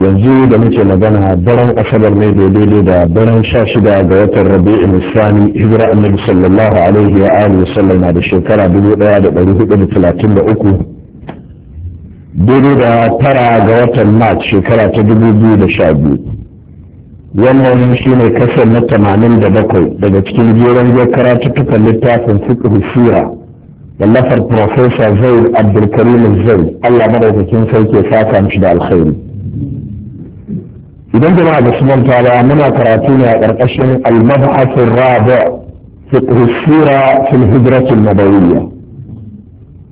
yanzu da muke magana daren asabar ne daidai da daren sha shida ga watan Rabi'u islami hijira annabi sallallahu alaihi wa alihi sallam na da shekara dubu daya da dari hudu da talatin da uku daidai da tara ga watan march shekara ta dubu biyu da sha biyu wannan shi ne kasar na tamanin da bakwai daga cikin jeron zai karatuttukan littafin fiqh sura wallafar profesa zaid abdulkarim zaid allah madaukakin sarki ya saka mishi da alkhairi idan jama'a ba su manta ba muna karatu ne a ƙarƙashin al-mab'athur rabi' fiqh fil hijrat nabawiyya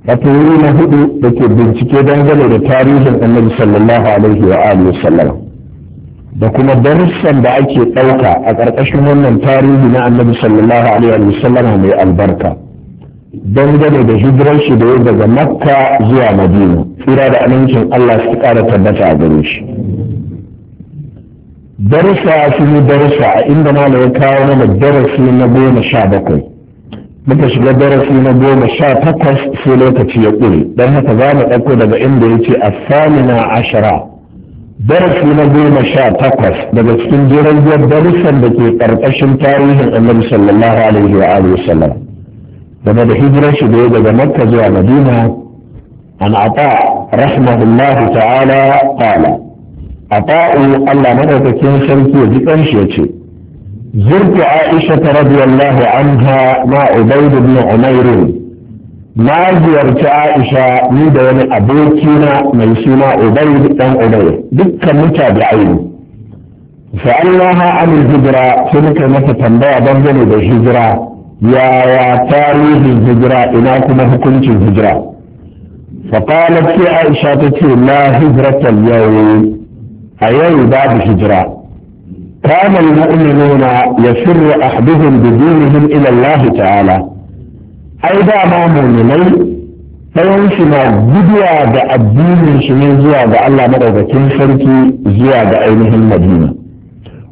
wato wuri na hudu da ke bincike dangane da tarihin annabi sallallahu alaihi wa alihi sallam da kuma darussan da ake ɗauka a ƙarƙashin wannan tarihi na annabi sallallahu alaihi wa sallam mai albarka dangane da hijirar shi da daga makka zuwa madina tsira da amincin allah su ƙara tabbata a gare shi darasa sun yi darasa a inda malam ya kawo mana darasi na goma sha bakwai muka shiga darasi na goma sha takwas sai lokaci ya ƙure don haka za mu ɗauko daga inda ya ce a samina ashara darasi na goma sha takwas daga cikin jirgin darussan da ke ƙarƙashin tarihin annabi sallallahu alaihi wa alihi sallam game da hijirar shi da ya daga makka zuwa madina an ata rahmahullahu ta'ala qala a ta'u Allah madaukakin sarki ya ji زرت عائشة رضي الله عنها مع عبيد بن عمير ما زرت عائشة ميدا وني أبوكينا ميسونا عبيد بن عمير دكا متابعين فألاها عن الهجرة سنك متى تنبأ بندني بالهجرة يا يا تاريخ الهجرة إناكم هكنت الهجرة فقالت في عائشة لا هجرة اليوم أيوة بعد هجرة كان المؤمنون يسر أحدهم بدونهم إلى الله تعالى أي أيضا ما مؤمني فينشي ما بزيادة الدين من زيادة ألا مرة ذكي فركي زيادة أينه المدينة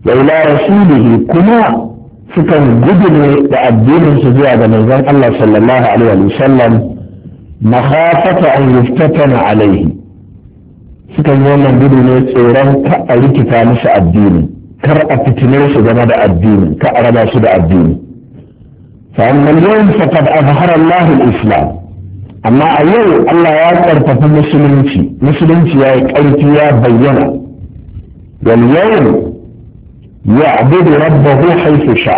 وإلى رسوله كما فكان قدني الدين زيادة من زيادة الله صلى الله عليه وسلم مخافة أن يفتتن عليه sukan yi wannan gudu ne tsoron ka a rikita musu addini kar a fitinar su game da addini ka a raba su da addini fa'amman yau a azhara Allah islam amma a yau Allah ya karfafa musulunci musulunci ya yi ƙarfi ya bayyana wal yau ya'budu rabbahu haythu sha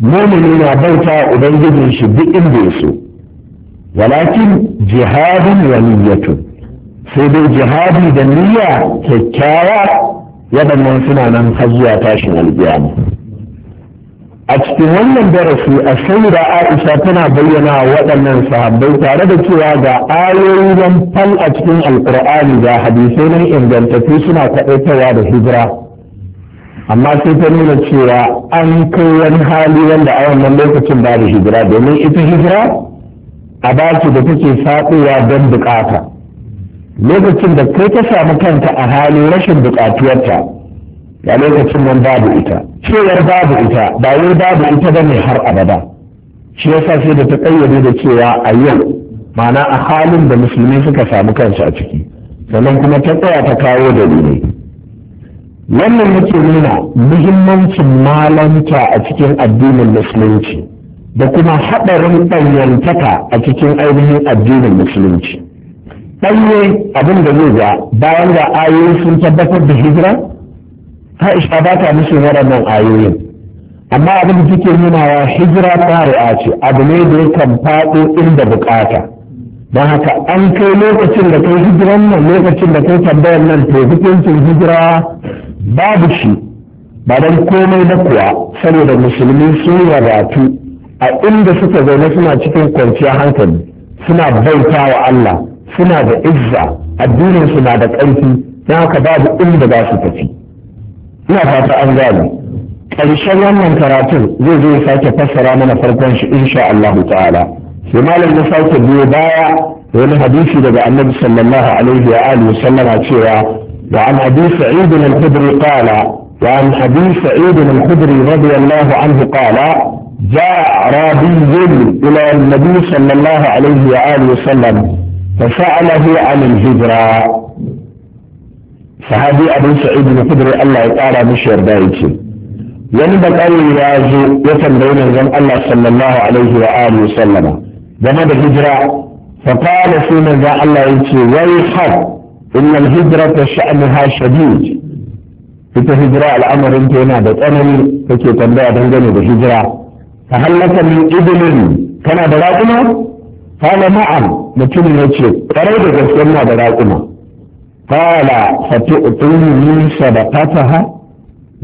mumini na bauta ubangijin shi duk inda ya so walakin jihadun waliyatun sai dai jihadi da niyya kyakkyawa waɗannan suna nan har zuwa tashin alƙiyama a cikin wannan darasi a saura aisha tana bayyana waɗannan sahabbai tare da cewa ga ayoyi don fal a cikin alkur'ani ga hadisai nan ingantattu suna kaɗaitawa da hijira amma sai ta nuna cewa an kai wani hali wanda a wannan lokacin babu hijira domin ita hijira a baki da take faɗuwa don buƙata. lokacin da kai ta samu kanka a hali rashin buƙatuwarta a lokacin nan babu ita cewar babu ita ba wai babu ita ba ne har abada shi ya sa sai da ta ƙayyade da cewa a yau ma'ana a halin da musulmi suka samu kansu a ciki sannan kuma ta tsaya ta kawo da ne wannan yake nuna muhimmancin malanta a cikin addinin musulunci da kuma haɗarin ɗanyantaka a cikin ainihin addinin musulunci ɗanye abin da zai ga bayan da ayoyi sun tabbatar da hijira aisha ba ta musu waɗannan ayoyin amma abin da take wa hijira fari'a ce abu ne da yakan faɗo inda bukata don haka an kai lokacin da kai hijiran nan lokacin da kai tambayar nan to hukuncin hijira babu shi ba don komai na kuwa saboda musulmi sun wadatu a inda suka zaune suna cikin kwanciyar hankali suna bautawa wa Allah suna da izza addinin su na da ƙarfi na haka babu inda za su tafi ina fata an gane ƙarshen wannan karatun zai zo sake fassara mana farkon shi insha Allah ta'ala sai malam ya sake biyo baya wani hadisi daga annabi sallallahu alaihi wa alihi wa sallama cewa wa an hadisi sa'id al-khudri qala wa an hadisi sa'id al-khudri radiyallahu anhu qala جاء رابي إلى النبي صلى الله عليه وآله وسلم فسأله عن الهجرة فهذه أبو سعيد بن خدري الله تعالى بشير دايتي يعني بل أن يلازو بين زم الله صلى الله عليه وآله وسلم زم الهجرة فقال في من الله يمشي ويحب إن الهجرة شأنها شديد في تهجرة الأمر انت هنا بتأمني فكي تنبأ بنجني بهجرة فهل لك من إبن كان بلاكما قال نعم mutum ya ce ƙarai da gaske na da raƙuma kala fatu'tuni min sadaqataha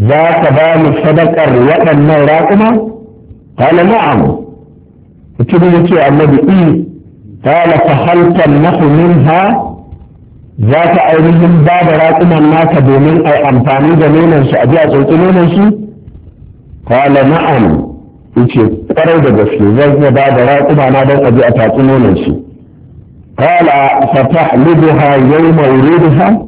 za ka ba mu sadaqar waɗannan raƙuma kala na'am mutum ya ce annabi i kala fa hal tannahu minha za ka ainihin ba da raƙuman naka domin a amfani da nonon nonansu a ji a tsotsi nonansu? Kwale na'am, ce ƙwarai da gaske zan iya ba da raƙuma na don a ji a tatsi nonon nonansu. قال فتحلبها يوم ورودها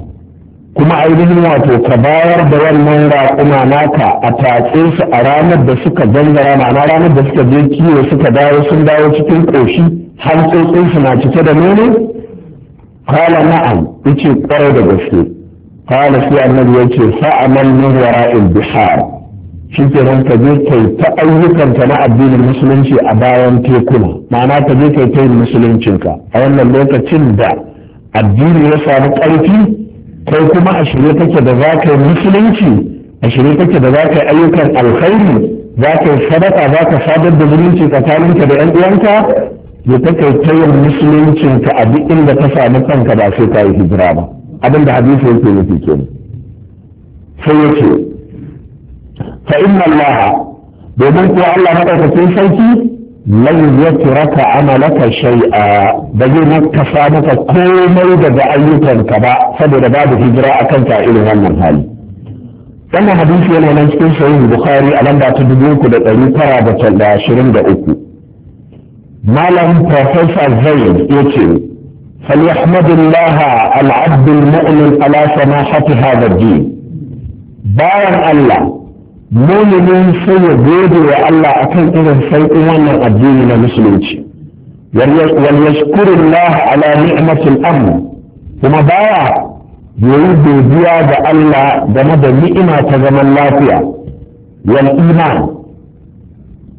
kuma ainihin wato ka bayar da wannan raƙuma naka a tatse a ranar da suka gangara ma'ana ranar da suka je kiwo suka dawo sun dawo cikin ƙoshi hantsotsin su na cike da nono kala na'am yace da gaske kala sai annabi yace fa'amal min wara'il bihar shi kenan ka je kai ta ayyukanka na addinin musulunci a bayan tekuna ma'ana ka je kai ta yin musuluncinka a wannan lokacin da addini ya samu ƙarfi kai kuma a shirye kake da za ka yi musulunci a shirye kake da za ka yi ayyukan alkhairi za ka yi sadaka za ka sadar da zumunci tsakaninka da yan uwanka ya ta kai ta yin musuluncinka a duk inda ka samu kanka ba sai ka yi hijira ba abinda hadisi yake nufi kenan sai yake fa inna Allah domin ko Allah madaukakin sarki lai yatraka amalaka shay'a ba zai nakasa maka komai daga ayyukanka ba saboda babu hijira akan ta irin wannan hali wannan hadisi yana nan cikin sahih bukhari a lamba ta dubu uku da ɗari tara da ashirin da uku malam profesa zain ya ce فليحمد الله العبد المؤمن على سماحة هذا الدين بارا الله muminin sai ya gode wa Allah akan irin sauƙin wannan addini na musulunci wal a ala ni'matil amn kuma baya yi godiya ga Allah game da ni'ima ta zaman lafiya wal iman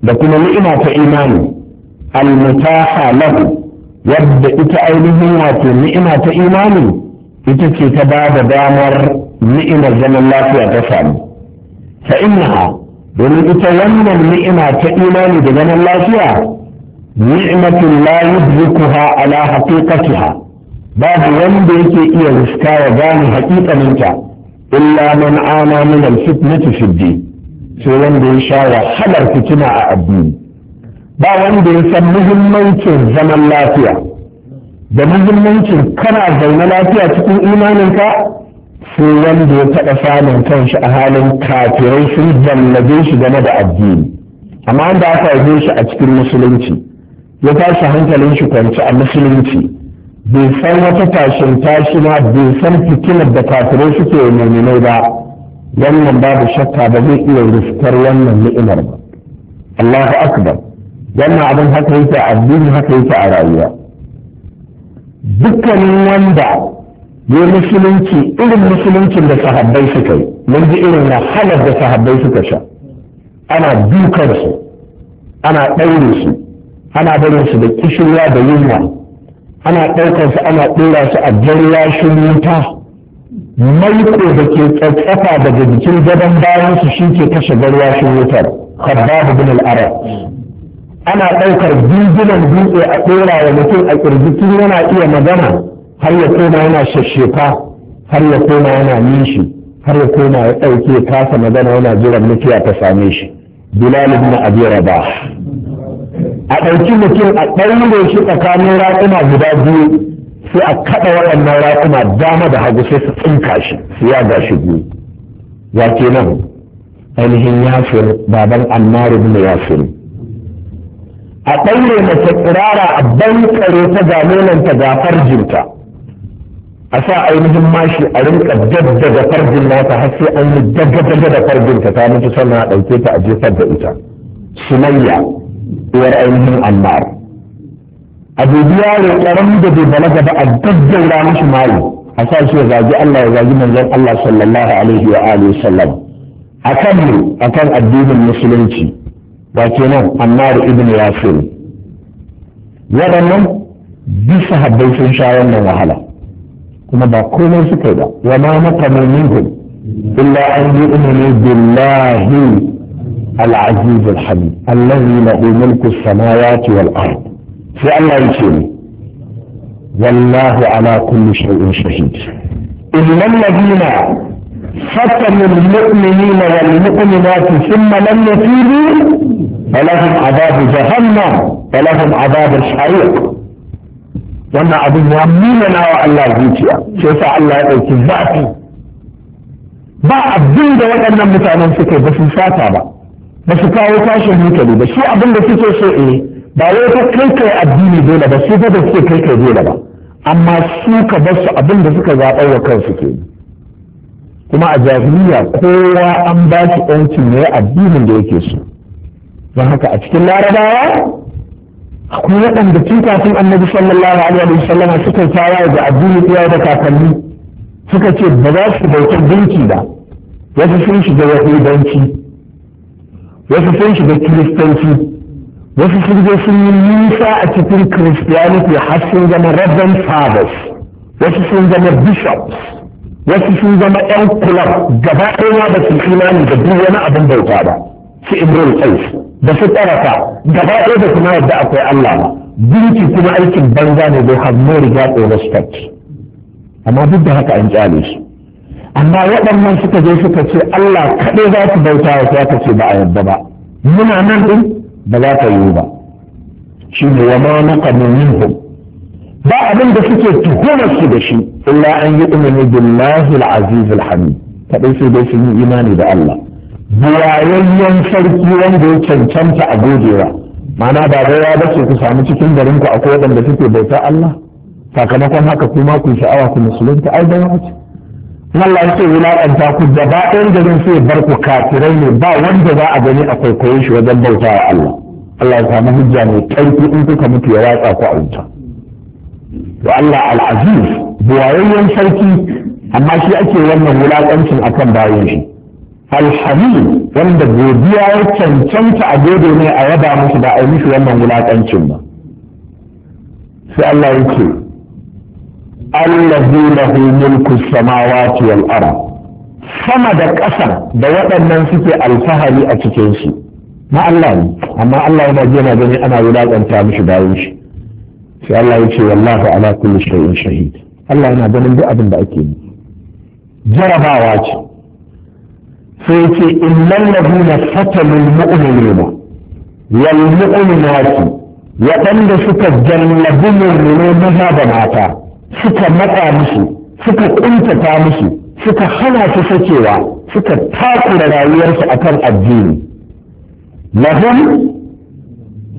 da kuma ni'ima ta imani al mutaha lahu wadda ita ainihin wato ni'ima ta imani ita ce ta ba da damar ni'imar zaman lafiya ta samu fa domin ita wannan ni'ima ta imani da zaman lafiya ni'matun la yudrikuha ala haqiqatiha babu wanda yake iya ruska ya gane haƙiƙaninta illa man ana min al-fitnati fi sai wanda ya sha wahalar fitina a addini ba wanda ya san muhimmancin zaman lafiya da muhimmancin kana zaune lafiya cikin imaninka duk wanda ya taɓa samun kanshi a halin kafirai sun zallabe shi game da addini amma wanda aka haife shi a cikin musulunci ya tashi hankalin shi kwanci a musulunci bai san wata tashin tashina bai san fitinar da kafirai suke mummunai ba wannan babu shakka ba zai iya riskar wannan ni'imar ba Allahu akbar wannan abin haka yake addini haka yake a rayuwa dukkanin wanda ne musulunci irin musuluncin da sahabbai suka yi mun ji irin wahalar da sahabbai suka sha ana dukar su ana ɗaure su ana barin su da kishirwa da yunwa ana ɗaukar su ana ɗora su a jarrashin wuta maiko da ke tsatsafa daga jikin gadon bayan su shi ke kashe garwashin wutar khabbab bin al-arab ana ɗaukar jinjinan dutse a ɗora wa mutum a kirji yana iya magana har ya koma yana shashefa har ya koma yana nishi har ya koma ya ɗauke kasa magana yana jiran mutuwa ta same shi bilal ibn abi rabah a ɗauki mutum a ɗaure shi tsakanin raƙuma guda biyu sai a kaɗa waɗannan raƙuma dama da hagu sai su tsinka shi su ga shi biyu ya ke nan ainihin yasir baban annar ibn yasir a ɗaure mace tsirara a bankare ta ga nonanta ga farjinta a sa ainihin mashi a rinka daddaga farjin nata har sai an yi daddaga da farjin ta ta mutu sannan a ɗauke ta a jefar da ita sumayya uwar ainihin annar. a dubi yaro ƙaramin da bai balaga ba a daddaura mashi mayu a sa shi ya zagi Allah ya zagi manzon Allah sallallahu alaihi wa alihi sallam akan ne kan addinin musulunci ba kenan annar ibn yasir waɗannan bisa habbai sun sha wannan wahala kuma ba komai suka yi ba wa ma makamu minhum illa an yu'minu billahi al-aziz al-hamid allazi lahu mulku as-samawati wal ard sai Allah yake ni wallahu ala kulli shay'in shahid innal ladina فتنوا المؤمنين والمؤمنات ثم لم يتوبوا فلهم عذاب جهنم ولهم عذاب الحريق wannan abin ya na wa Allah zuciya sai sa Allah ya ɗauki zafi ba abin da waɗannan mutanen suke ba su sata ba ba su kawo tashin hankali ba shi abin da suke so eh ba wai ta kai kai addini dole ba su ba da suke kai kai dole ba amma su ka bar su abin da suka zaɓar wa kansu ke kuma a jahiliya kowa an ba shi ɗancin ne addinin da yake so don haka a cikin larabawa akwai waɗanda tun kafin annabi sallallahu alaihi wa sallama suka tawa da addini iyaye da kakanni suka ce ba za su bauta dinki ba wasu sun shiga yahudanci wasu sun shiga kiristanci wasu sun je sun yi nisa a cikin christianity har sun zama reverend fathers wasu sun zama bishops wasu sun zama yan kulab gaba ɗaya ba su imani da duk wani abin bauta ba su ibrahim kais da su tsaraka gaba ɗaya da kuma yadda akwai allah ba binci kuma aikin banza ne bai have no regard or respect amma duk da haka an kyale su amma waɗannan suka je suka ce allah kaɗai za su bauta wa sai ce ba a yadda ba muna nan ɗin ba za ta yi ba shi ne wa ma ba abin da suke tuhumar su da shi illa an yi umarni billahi al-aziz al-hamid sai dai sun yi imani da Allah buwayayyen sarki wanda ya cancanta a godewa ma'ana ba gaiwa ba ce ku samu cikin garin ku akwai waɗanda suke bauta Allah sakamakon haka kuma ku sha'awa ku musulunta ai gaiwa ce Allah ya ce wulaƙanta ku gaba ɗayan garin sai bar ku kafirai ne ba wanda za a gani a kwaikwaye shi wajen bauta wa Allah Allah ya samu hujja mai ƙarfi in kuka mutu ya watsa ku a wuta wa Allah al'aziz buwayayyen sarki amma shi ake wannan wulaƙancin akan bayan shi alhamid wanda godiya ya cancanta a gode ne a yaba musu ba a yi musu wannan wulaƙancin ba sai Allah ya ce allazi lahu mulku samawati wal ard sama da ƙasa da waɗannan suke alfahari a cikin shi na Allah ne amma Allah yana ji yana gani ana wulaƙanta musu bayan shi sai Allah ya ce wallahu ala kulli shay'in shahid Allah yana ganin duk abin da ake yi jarabawa ce sai ce innal ladina fatalul mu'minina wal mu'minati waɗanda suka jallabi mu'minai maza da mata suka matsa musu suka kuntata musu suka hana su sakewa suka takura rayuwarsu a kan addini lahum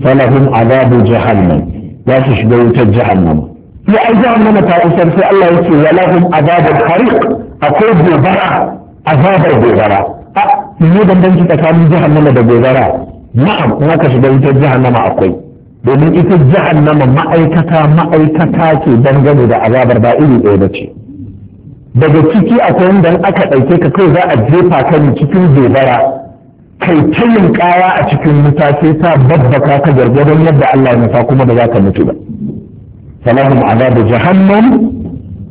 falahum azabu jahannam za su shiga wutar jahannam ya ai mu ta isar sai Allah ya yake walahum azabul hariq akwai gobara azabar gobara ne bambanci tsakanin jahannama da gobara na'am in aka shiga wutar jahannama akwai domin ita jahannama ma'aikata ma'aikata ke dangane da azabar ba iri ɗaya ba ce daga ciki akwai wanda aka ɗauke ka kai za a jefa ka cikin gobara kai ta yin kaya a cikin wuta sai ta babbaka ka gargadon yadda Allah ya nufa kuma da za ka mutu ba falahum azabu jahannam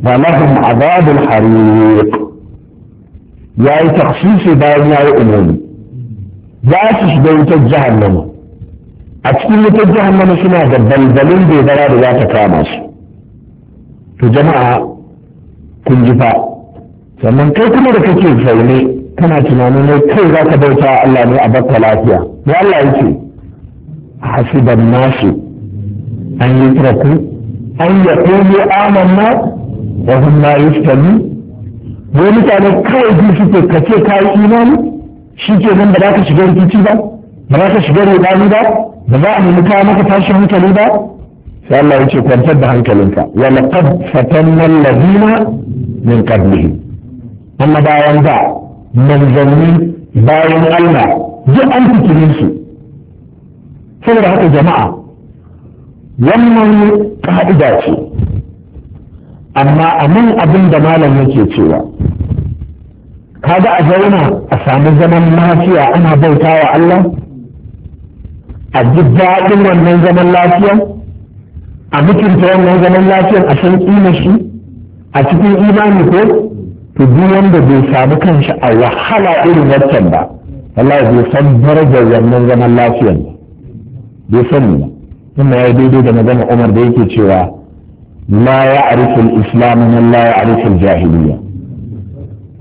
falahum azabul hariq ya yi taksisi bayan ya yi umumi za su shiga wutar jahannama a cikin wutar jahannama suna da balbalin dogara da za ta kama su to jama'a kun ji fa sannan kai kuma da kake zaune kana tunanin ne kai za ka bauta Allah ne a baka lafiya ne Allah yake hasiban nasu an yi turaku an yaƙulu amanna wa hum la yuftanun wai mutane kawai ji suke ka ka yi imani shi ke nan ba za ka shiga rikici ba ba za ka shiga rudani ba ba za a nemi kawo maka tashin hankali ba sai Allah ya ce kwantar da hankalinka wa laqad fatanna alladhina min qablihim annabawan da manzanni bayan Allah duk an fitine su saboda haka jama'a wannan ka'ida ce amma a nan abin da malam yake cewa kaga a zauna a sami zaman lafiya ana bauta wa Allah a ji daɗin wannan zaman lafiya a mutunta wannan zaman lafiyan a san ƙima shi a cikin imani ko to duk wanda bai samu kanshi a wahala irin wancan ba wallahi bai san darajar wannan zaman lafiyan bai sani ba kuma ya daidai da magana Umar da yake cewa la ya'rifu al-islam man la ya'rifu jahiliya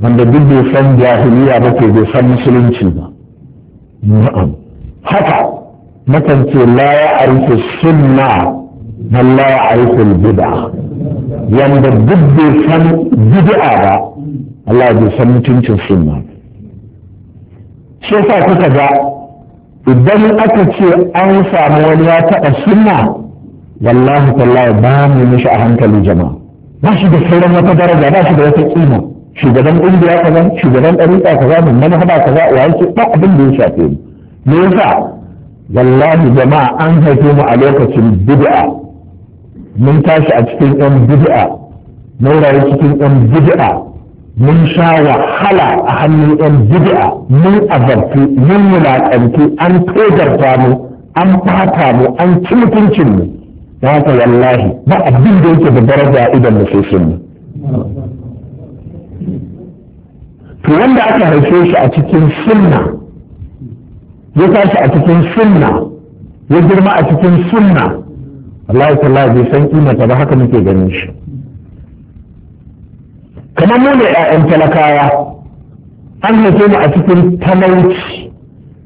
wanda duk bai san jahiliya ba ko bai san musulunci ba na'am haka nakan ce la ya'rifu sunna man la ya'rifu al-bid'a wanda duk bai san bid'a ba Allah bai san mutuncin sunna ba shi kuka ga idan aka ce an samu wani ya taɓa sunna wallahi tallahi bamu mu a hankali jama'a ba shi da sauran wata daraja ba shi da wata kima shugaban indiya kaza shugaban ɗariƙa kaza mun manhaja kaza wa yake ba abin da ya shafe mu me wallahi jama'a an haife mu a lokacin bid'a mun tashi a cikin yan bid'a mun rayu cikin yan bid'a mun sha wahala a hannun yan bid'a mun azartu mun wulaƙantu an todarta mu an fata mu an ci mutuncin mu da ka wallahi ba abin da yake da daraja idan musulmin ne to wanda aka haife shi a cikin sunna ya tashi a cikin sunna ya girma a cikin sunna Allah ya bai san kimata ba haka muke ganin shi kamar mu ne 'ya'yan talakawa an haife mu a cikin talauci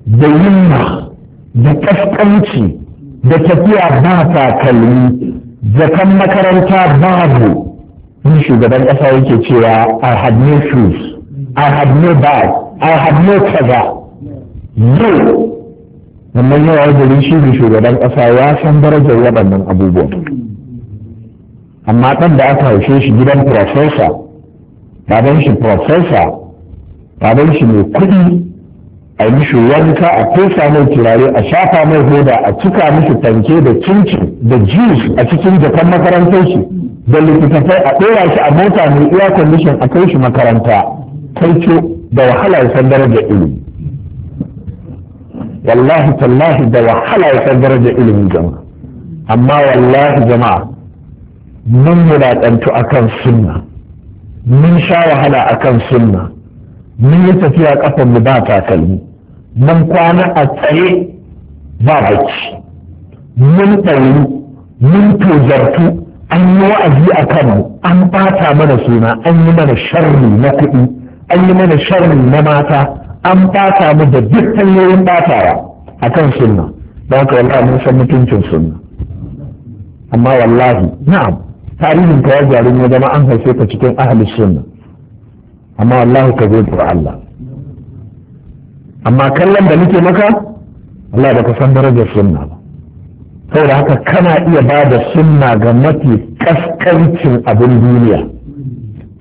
da yunwa da kaskanci da tafiya ba takalmi zakan makaranta babu ni shugaban ƙasa yake cewa i had no shoes i had no bag i had no kaza yau wannan yawa gari shi ne shugaban ƙasa ya san darajar waɗannan abubuwan amma ɗan da aka haushe shi gidan profesa baban shi profesa baban shi mai kuɗi a mishi wanka a fesa mai turare a shafa mai hoda a cika mishi tanke da cincin da juice a cikin jakan makarantar shi da littattafai a ɗora shi a mota mai iya kwandishin a kai shi makaranta kai ce da wahala ya san daraja ilimi wallahi tallahi da wahala ya san daraja ilimi jama'a amma wallahi jama'a mun wulaƙantu akan sunna mun sha wahala akan sunna mun yi tafiya kafan mu ba takalmi mun kwana a tsaye ba bacci mun tsaye mun tozartu an yi wa'azi a kanmu an ɓata mana suna an yi mana sharri na kuɗi an yi mana sharri na mata an ɓata mu da duk hanyoyin ɓatawa a kan sunna da haka wallahi mun san mutuncin sunna amma wallahi na'am tarihin ka ya zama an haife ka cikin ahalin sunna amma wallahi ka gode Allah amma kallon da nake maka Allah ba ka san darajar sunna ba saboda haka kana iya ba da sunna ga mafi kaskancin abin duniya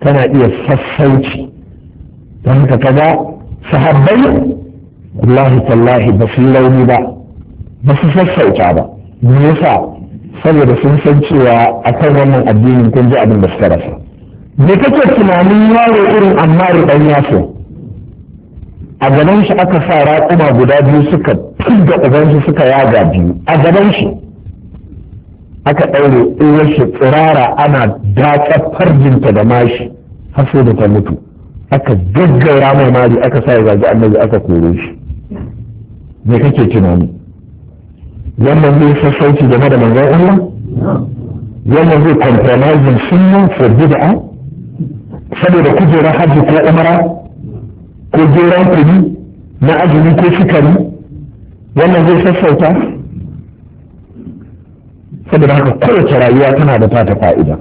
tana iya sassauci don ka kaga sahabbai wallahi tallahi ba su launi ba ba su sassauta ba me yasa saboda sun san cewa akan wannan addinin kun ji abin da suka rasa me kake tunanin yaro irin amma dan yaso a gaban shi aka sa raƙuma guda biyu suka tunda ubansu suka yaga biyu a gaban shi aka ɗaure uwar shi tsirara ana dafa farjinta da mashi har sai da ta mutu aka gaggaura mai mari aka sa ya zagi annabi aka kore shi me kake tunani wannan zai sassauci game da manzon Allah wannan zai compromising sunan for bid'a saboda kujerar hajji ko umara ko geron kuri na azumi ko sukari wannan zai sassauta saboda haka kowace rayuwa tana da tata fa'ida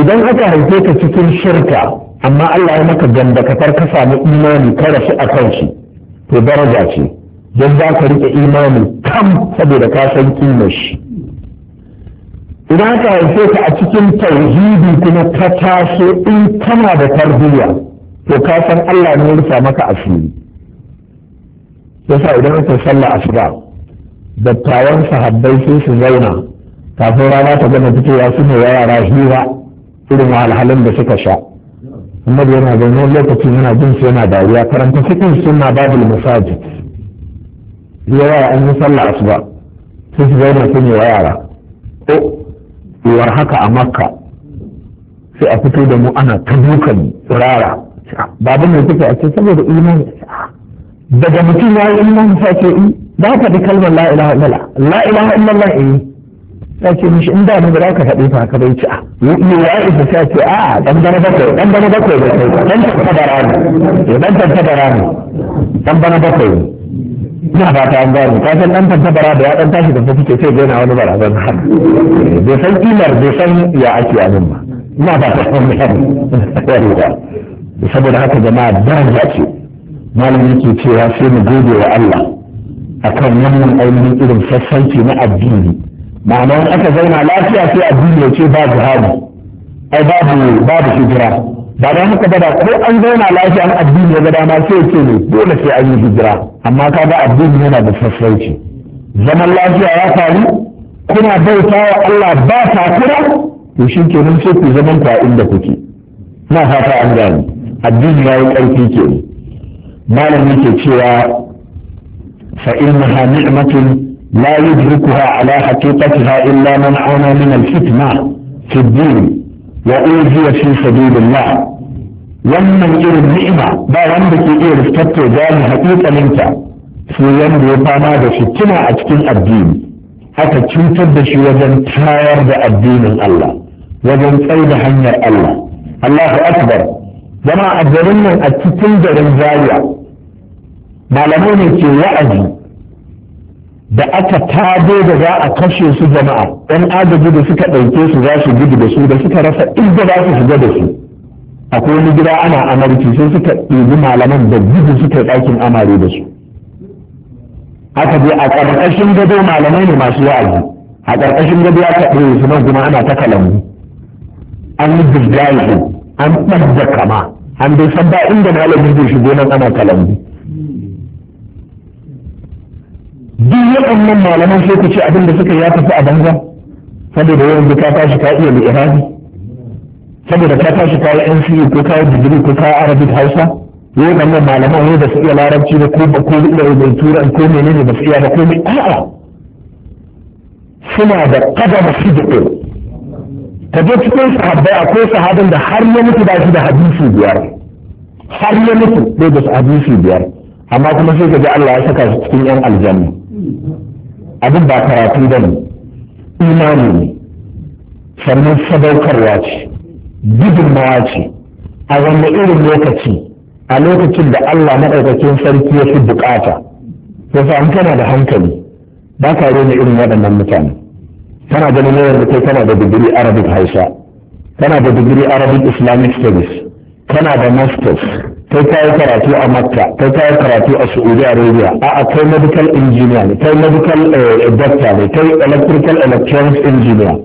idan aka haife ka cikin shirka amma Allah ya maka gandakatar ka samu imani ka rasu a kan shi to daraja ce don za ka riƙe imani kam saboda ka san kimar shi idan aka haife ka a cikin tauhidi kuma ka taso in kana da tarbiyya to ka san Allah ne rufa maka asiri yasa idan aka salla asuba dattawan sahabbai sai su zauna kafin rana ta gama fitowa su ne yara hira irin wahalhalun da suka sha annabi yana zaune lokaci yana jin su yana dariya karanta cikin sunna babul musaji yawa an yi sallah asuba sai su zauna sun yi yara ko war haka a makka sai a fito da mu ana ta dukan tsirara babu mai kuke ake? ce saboda imani daga mutum ya yi imani sai ce yi eh, za ka bi kalmar la ilaha illallah la ilaha illallah eh sai ce mishi in da ne ba ka faɗi fa ka bai ci a ne ya isa sai ce a dan bana bakwai dan bana bakwai da kai dan ta da rani ya dan ta da rani dan bana bakwai ina ba ta an gani ka san dan ta da rani ya dan tashi da fike sai gaina wani barazan har eh, bai san kimar bai san ya ake abin ba ina ba ta san mai saboda haka jama'a daraja ce malam yake cewa sai mu gode wa Allah akan wannan ainihin irin sassanci na addini ma'ana wani aka zauna lafiya sai addini ya ce ba jihadi ai babu babu hijira ba da haka ba ko an zauna lafiya an addini ya ga dama sai ce ne dole sai an yi hijira amma ka ga addini yana da sassauci zaman lafiya ya faru kuna bauta wa Allah ba takura to shi kenan sai ku zaman ku a inda kuke na fata an gani addini ya yi ƙarfi ke malami yake cewa fa innaha ni'matun la yudrikuha ala haqiqatiha illa man auna min al-fitna fi ya din wa uziya fi wannan irin ni'ima ba wanda ke iya rifkatta jami haƙiƙaninta sai yanda ya fama da fitina a cikin addini aka cutar da shi wajen tayar da addinin Allah wajen tsaida hanyar Allah Allahu akbar zama a garin nan a cikin garin zaria malamai ne ke wa'azi da aka tado da za a kashe su jama'a ɗan agaji da suka ɗauke su za su gudu da su da suka rasa inda za su shiga da su akwai wani gida ana amarci sai suka ɗebi malaman da gudu suka yi ɗakin amare da su aka je a ƙarƙashin gado malamai ne masu wa'azi a ƙarƙashin gado aka ɗaya su nan kuma ana ta kalambu an yi an ɗan da kama an bai san ba inda malamin zai shigo nan ana kalambu duk waɗannan malaman sai ku ce abin da suka ya tafi a banza saboda yanzu ka tashi ka iya li'irabi saboda ka tashi ka yi NCU e ko ka yi digiri ko ka yi Arabic Hausa yau nan malaman wai ba su iya larabci ba ko ba ko da bai tura ko menene ba su iya ba ko a'a suna da kadama sidqi ka je cikin sahabbai akwai sahabin da har ya mutu ba shi da hadisi biyar har ya mutu bai da hadisi biyar amma kuma sai ka ji Allah ya saka su cikin yan aljanna abin ba karatu ba ne imani ne sannan sadaukarwa ce gudunmawa ce a wanda irin lokaci a lokacin da Allah maɗaukakin sarki ya fi bukata yasa an kana da hankali ba ka rena irin waɗannan mutane kana ganin yanzu kai kana da digiri arabic hausa kana da digiri arabic islamic studies kana da masters kai ta yi karatu a makka kai ta yi karatu a saudi arabia a a kai medical engineer ne kai medical eh, doctor ne kai electrical electronics engineer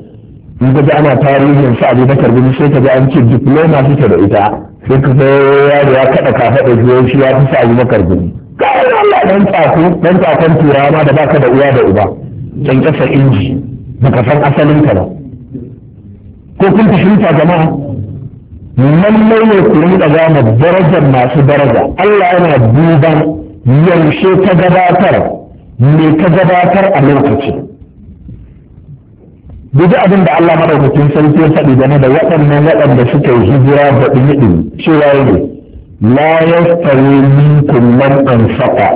in ka ji ana tarihin sa abubakar bin sai ka ji an ce diploma suke da ita sai ka ga yaro ya kada kafaɗa zuwa shi ya fi sa abubakar bin kawai Allah dan tsako dan tsakon turawa ma da baka da uwa da uba can kasa inji baka san asalin ka ba ko kun fahimta jama'a lallai ne ku rinka gane darajar masu daraja Allah yana duban yaushe ta gabatar me ka gabatar a lokaci duk abin da Allah madaukakin sarki ya faɗi game da waɗannan waɗanda suka yi hijira da ɗumi cewa ne la yastawi minkum man anfaqa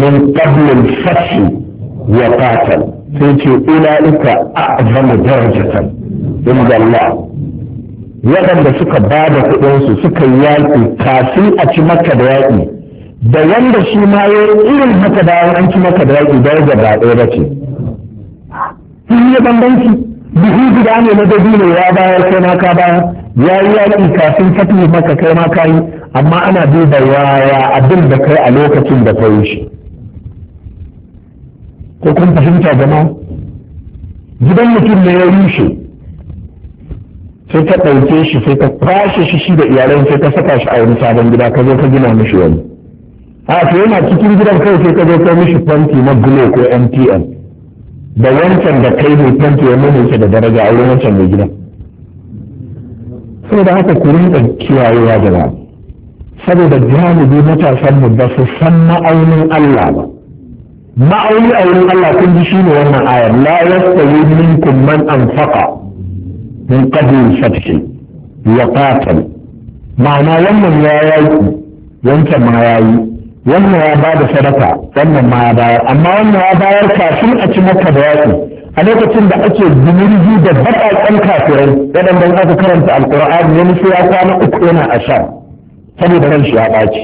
min qabl al-fath wa qatal sai ce ina ita a zama darajatan inda Allah waɗanda suka ba da kuɗinsu suka yi yaƙi kafin a ci maka da yaƙi da wanda shi ma ya irin haka da an ci maka da yaƙi daraja ba ɗaya ba ce sun yi bambanci buhu guda ne na dabino ya bayar kai ma ka bayar ya yi yaƙi kafin fatihi maka kai ma ka yi amma ana duba yaya abin da kai a lokacin da ka yi shi ko kun fahimta gama gidan mutum ne ya rushe sai ka ɗauke shi sai ka kwashe shi shi da iyalan sai ka saka shi a wani sabon gida ka zo ka gina mishi wani a to yana cikin gidan kai sai ka zo ka mishi fanti na gulo ko mtn da wancan da kai mai fanti ya nuna da daraja a wurin wancan mai gida saboda haka ku rinka kiyayewa jama'a saboda galibi matasan mu ba su san ma'aunin Allah ba ma'auni a wurin Allah sun ji ne wannan ayar la yastawi minkum man anfaqa min qabl fath wa qatal ma'ana wannan ya yaki wancan ma yayi wannan ya ba da sadaka wannan ma ya bayar amma wannan ya bayar kafin a ci maka da yaki a lokacin da ake gumurji da baƙaƙen kafirai waɗanda aka karanta alƙur'ani Ya nufi ya kwana uku yana a sha saboda ran shi ya ɓaci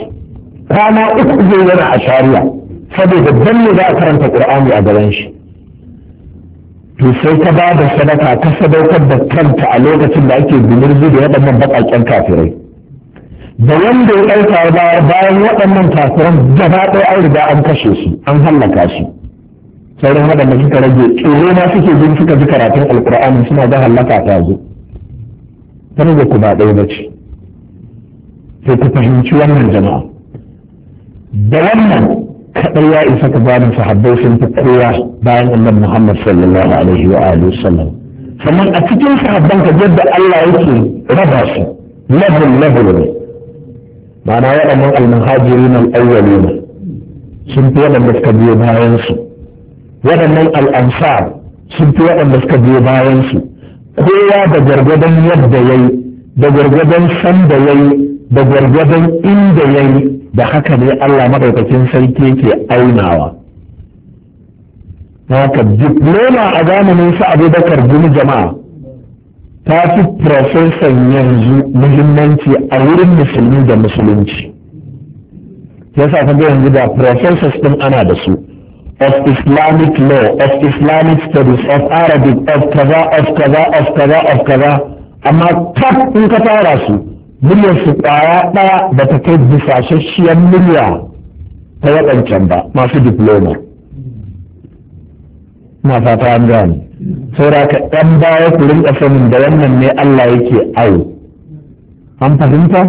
kwana uku zai yana a shari'a saboda dan ne za a karanta qur'ani a gaban shi to sai ta ba da sadaka ta sadaukar da kanta a lokacin da ake gumurzu da waɗannan baƙaƙen kafirai da wanda ya ɗauka bayan waɗannan kafiran gaba ɗaya an riga an kashe su an hallaka shi sauran waɗanda suka rage tsoro ma suke jin suka ji karatun alƙur'ani suna ga hallaka ta zo wani da kuma ɗaya ba ce sai ku fahimci wannan jama'a da wannan kaɗai ya isa ka bani sahabbai sun fi kowa bayan annabi Muhammad sallallahu alaihi wa alihi wasallam sannan a cikin sahabban ka yadda Allah yake raba su level level ne ma'ana waɗannan al-muhajirin al-awwalin sun fi waɗanda suka biyo bayan su waɗannan al-ansar sun fi waɗanda suka biyo bayan su kowa da gargadon yadda yayi da gargadon san da yayi da gargadon inda yayi da haka ne Allah madaukakin sarki yake aunawa haka diploma a zamanin su abubakar gumi jama'a ta fi profesan yanzu muhimmanci a wurin musulmi da musulunci yasa ka ga yanzu da professors din ana da su of islamic law of islamic studies of arabic of kaza of kaza of kaza of kaza amma kaf in ka tara su muryar su kwaya ɗaya ba ta kai busasasshiyar murya ta waɗancan ba masu diploma na fata an gane saura ka ɗan baya ku rinka sanin da wannan ne Allah yake ayo an fahimta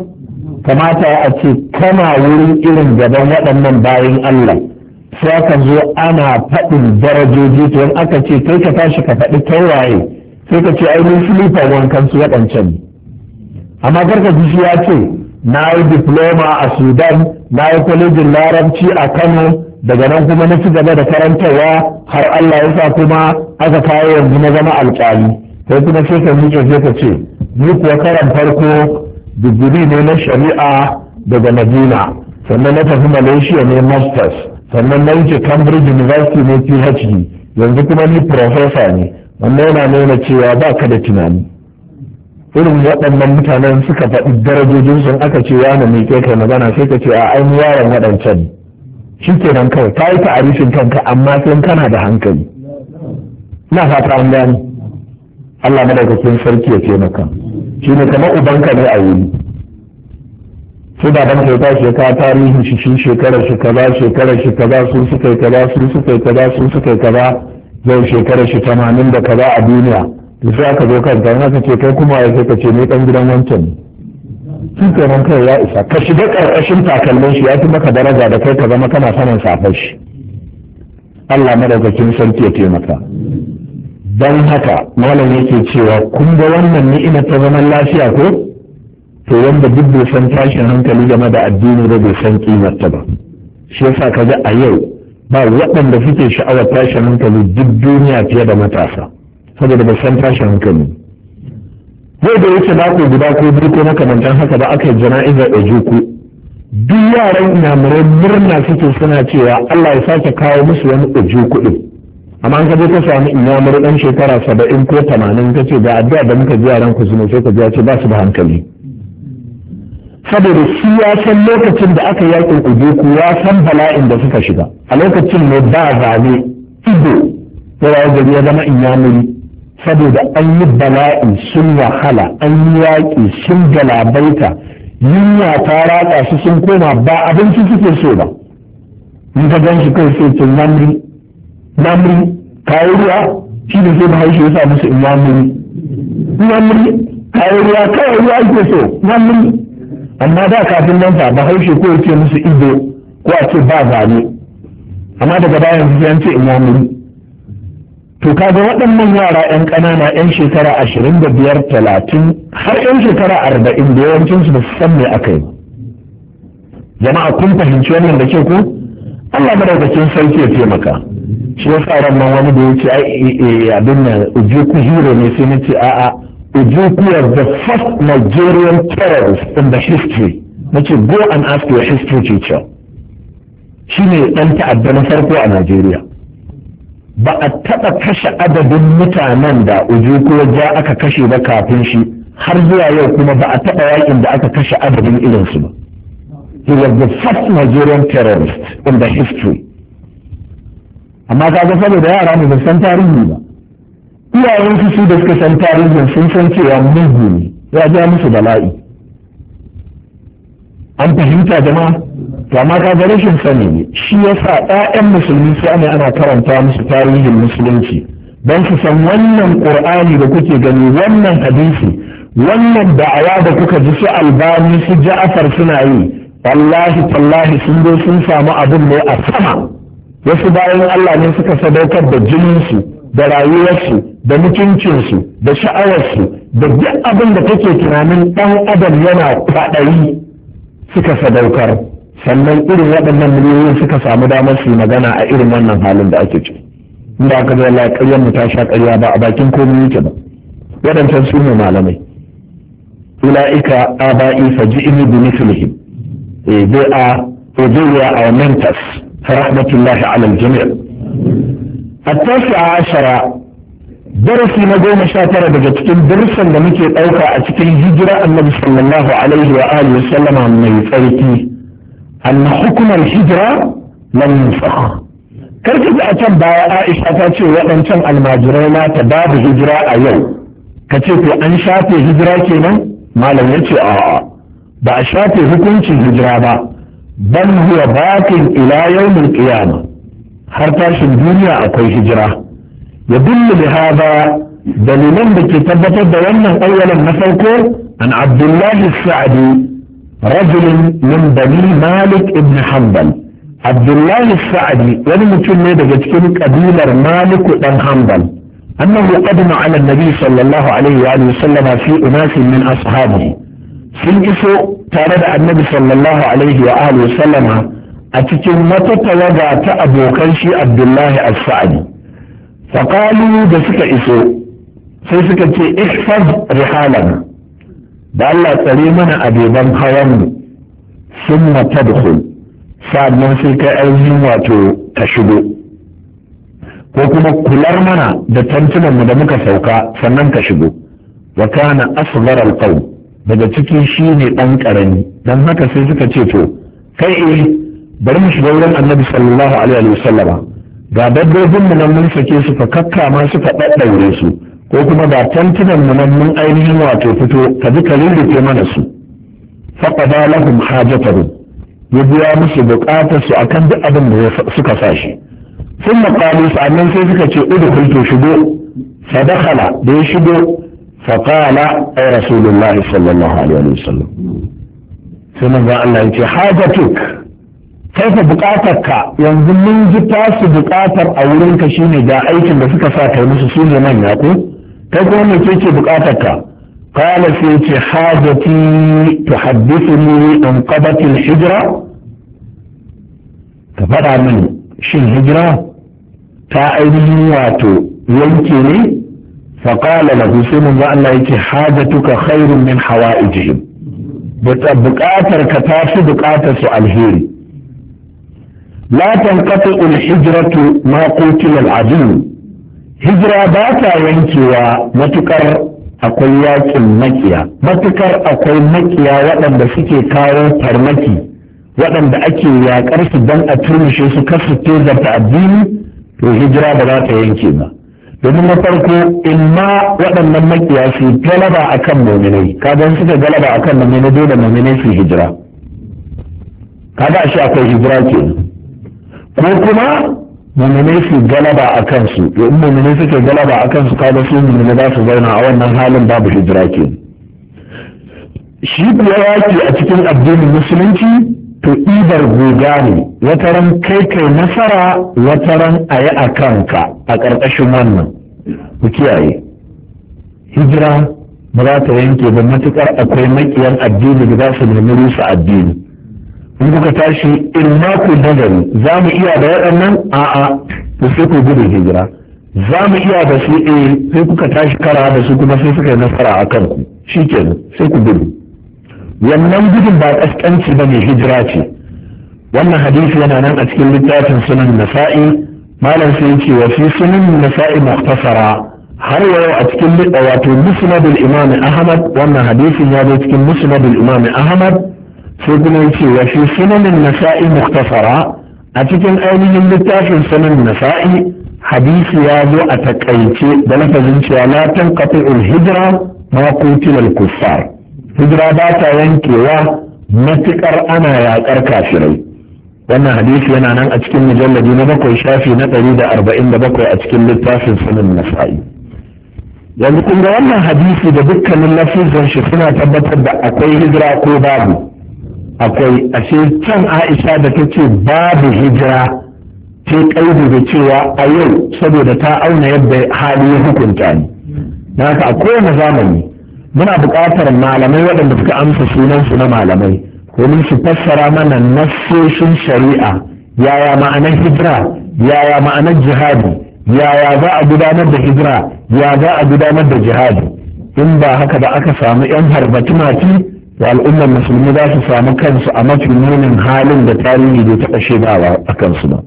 kamata a ce kana wurin irin gaban waɗannan bayan Allah sai aka zo ana faɗin darajoji to aka ce kai ka tashi ka faɗi tauraye sai ka ce ainihin mun wankan su waɗancan ne amma gargaji ya ce na yi diploma a sudan na yi kwalejin larabci a kano daga nan kuma na ci gaba da karantarwa har allah ya sa kuma aka kawo yanzu na zama alkali sai kuma sai ka miƙe sai ka ce ni kuwa karan farko digiri ne na shari'a daga madina sannan na tafi malaysia ne masters sannan na wuce cambridge university ne phd yanzu kuma ni professor ne wannan yana nuna cewa ba ka da tunani irin waɗannan mutanen suka faɗi darajojin sun aka ce ya na mai kai magana sai ka ce a ai yaron waɗancan shi nan kawai ta yi ta'arifin kanka amma sai kana da hankali na fata an gani Allah madaukakin sarki ya ce maka shi ne kamar ubanka ne a wuri Su da ban kai ta shekara tarihi tarihin shi shi shekara shi kaza shekara shi kaza sun suka yi kaza sun suka yi kaza sun suka yi kaza yau shekara shi tamanin da kaza a duniya za ka zo ka ta ka ce kai kuma sai ka ce ni dan gidan wancan shi kenan kai ya isa ka shiga karkashin takalmin shi ya fi maka daraja da kai ka zama kana saman safar shi Allah madaukakin sarki ya taimaka don haka malam yake cewa kun ga wannan ni'imar ta zaman lafiya ko to wanda duk bai san tashin hankali game da addini ba bai san kimar ta ba shi yasa kaga a yau ba waɗanda suke sha'awar tashin hankali duk duniya fiye da matasa saboda ba san tashin hankali zai da wuce ku guda ko biyu ko makamantan haka ba aka yi jana'izar juku. duk yaran inyamurai murna suke suna cewa allah ya sake kawo musu wani ejuku kuɗi amma an kaje ka samu inyamurai dan shekara saba'in ko tamanin ka ce da addu'a da muka ji yaran ku zuma sai ka ji ce ba su da hankali saboda shi ya san lokacin da aka yakin ujuku ya san bala'in da suka shiga a lokacin ne ba zane ido ya gari ya zama inyamuri saboda an yi bala'i sun wahala an yi yaƙi sun galabaita yunwa ta ratsa su sun koma ba abinci suke so ba in ka gan shi kai sai ce namri namri kayi ruwa shi da sai bahaushe ya sa musu in namri namri kayi ruwa kawai ruwa ake so namri amma da kafin nan fa bahaushe ko ya ce musu ido ko a ce ba zane amma daga bayan sai an ce in namri to kaga waɗannan yara 'yan ƙanana 'yan shekara ashirin da biyar talatin har 'yan shekara arba'in da yawancinsu ba su san me aka yi jama'a kun fahimci wannan da ke ku Allah madaukakin sarki ya taimaka shi ya sa ran nan wani da yake ai eh, eh, abin nan ku hero ne sai nace a a ujuku is the first Nigerian terrorist in the history nace go and ask your history teacher shine dan ta'adda na farko a Najeriya ba a taɓa kashe adadin mutanen da uju ko ja aka kashe ba kafin shi har zuwa yau kuma ba a taɓa yakin da aka kashe adadin irinsu ba he was the first Nigerian terrorist in the history amma ka ga saboda yara ne san tarihi ba iyayensu su da suka san tarihin sun san cewa mugu ne ya ja musu bala'i an fahimta jama'a to amma ka ga rashin sani ne shi yasa ƴaƴan musulmi sai ana ana karanta musu tarihin musulunci don su san wannan qur'ani da kuke gani wannan hadisi wannan da'awa da kuka ji su albani su ja'afar suna yi wallahi tallahi sun zo sun samu abin ne a sama wasu bayan Allah ne suka sadaukar da jininsu da rayuwarsu da mutuncinsu da sha'awarsu da duk abin da kake tunanin ɗan adam yana faɗayi suka sadaukar sannan irin waɗannan miliyoyin suka samu damar su magana a irin wannan halin da ake ci inda aka zai la ƙaryar mu ta sha ƙarya ba a bakin komai yake ba waɗancan su ne malamai ula'ika aba'i faji'ini bi mislihim eh they are they our mentors rahmatullahi ala al-jami' at-tasi'a darasi na goma sha tara daga cikin darussan da muke ɗauka a cikin hijira annabi sallallahu alaihi wa alihi sallama mai tsarki أن حكم الهجرة لم ينفخ karki ji a can baya Aisha ta ce waɗancan almajirai na ta babu hijira a yau ka ce to an shafe hijira kenan malam ya ce a'a ba a shafe hukuncin hijira ba ban huwa bakin ila yawmin qiyama har tashin duniya akwai hijira ya dillu bi hada dalilan da ke tabbatar da wannan awwalan na farko an Abdullahi Sa'di rajulun min malik ibni hanbal abdullahi sa'adi wani mutum ne daga cikin kabilar malik dan hanbal annahu qadima ala nabi sallallahu alaihi wa alihi sallama fi unasin min sun iso tare da annabi sallallahu alaihi wa alihi sallama a cikin wata ta abokan shi abdullahi as-sa'adi faqalu da suka iso sai suka ce ihfaz rihalana da Allah tsare mana abeban hawanmu sun mata da sa'annan sai kai ainihin wato ka shigo ko kuma kular mana da mu da muka sauka sannan ka shigo wa kana asghar alqaw daga cikin shi ne dan karami dan haka sai suka ce to kai eh bari mu shiga wurin annabi sallallahu alaihi wa ga dabbobin mu nan mun sake su fa kakka ma suka daddaure su ko kuma ba tantunan mu mun ainihin wato fito ka ji ka lullufe mana su faqada lahum hajatahum ya biya musu bukatar su akan duk abin da suka sa Sun sun maqalu annan sai suka ce udkhul to shigo Sadakala da ya shigo faqala ay rasulullah sallallahu alaihi wasallam sai manzo Allah ya ce hajatuk kaifa ka. yanzu mun ji tasu bukatar a wurin ka shine ga aikin da suka sa kai musu sune manya ko kai kuma me ce ce bukatar ka qala sai ce hajati tuhaddithuni an qadat al hijra ka faɗa min shin hijira ta ainihin wato yanke ne faƙala lahu sai mun ga Allah yake hajatuka khairun min hawa'ijihim buƙatar ka ta fi buƙatar su alheri la tanqati al hijratu ma qutila al hijira ba ta yankewa matukar akwai yakin makiya matukar akwai makiya waɗanda suke kawo farmaki waɗanda ake yaƙar su don a turmushe su kasu ta addini to hijira ba za ta yanke ba domin na farko in ma waɗannan makiya su galaba a kan mominai kaga suka galaba a kan mominai dole mominai su hijira kada shi akwai hijira ke ko kuma mummune su galaba a kansu in mummune suke galaba a kansu kaga su mummune za su zauna a wannan halin babu hijira ke shi yaki a cikin addinin musulunci to ibar guga ne wataran kai kai nasara wataran a yi a kanka a ƙarƙashin wannan ku kiyaye hijira ba za ta yanke ba matuƙar akwai maƙiyan addini da za su nemi rusa addini in kuka tashi in mako dagari nazari za mu iya da waɗannan a'a da sai ku gudu hijira za mu iya da su eh sai kuka tashi kara da su kuma sai suka yi nasara a kanku shikenan sai ku gudu wannan gudun ba kaskanci ba ne hijira ce wannan hadisi yana nan a cikin littafin sunan nasa'i malam sai ce wa fi sunan nasa'i muhtasara har yau a cikin wato musnadul imam ahmad wannan hadisin ya zo cikin musnadul imam ahmad sai kuma yace wa shi sunanin nasa'i muktasara a cikin ainihin littafin sunan nasa'i hadisi ya zo a takaice da lafazin cewa la tanqati'ul hijra ma qutilal kuffar hijira ba ta yankewa matuƙar ana yaƙar kafirai wannan hadisi yana nan a cikin mujalladi na bakwai shafi na ɗari da arba'in da bakwai a cikin littafin sunan nasa'i yanzu kun ga wannan hadisi da dukkanin lafizan shi suna tabbatar da akwai hijira ko babu akwai ashe can aisha da ta ce babu hijira ta ƙaidu da cewa a yau saboda ta auna yadda hali ya hukunta ni na haka a kowane zamani muna buƙatar malamai waɗanda suka amsa sunansu na malamai domin su fassara mana nassoshin shari'a yaya ma'anar hijira yaya ma'anar jihadi yaya za a gudanar da hijira ya za a gudanar da jihadi in ba haka da aka samu 'yan harbaci mati to al'ummar musulmi za su samu kansu a mafi munin halin da tarihi bai taɓa shaidawa a kansu ba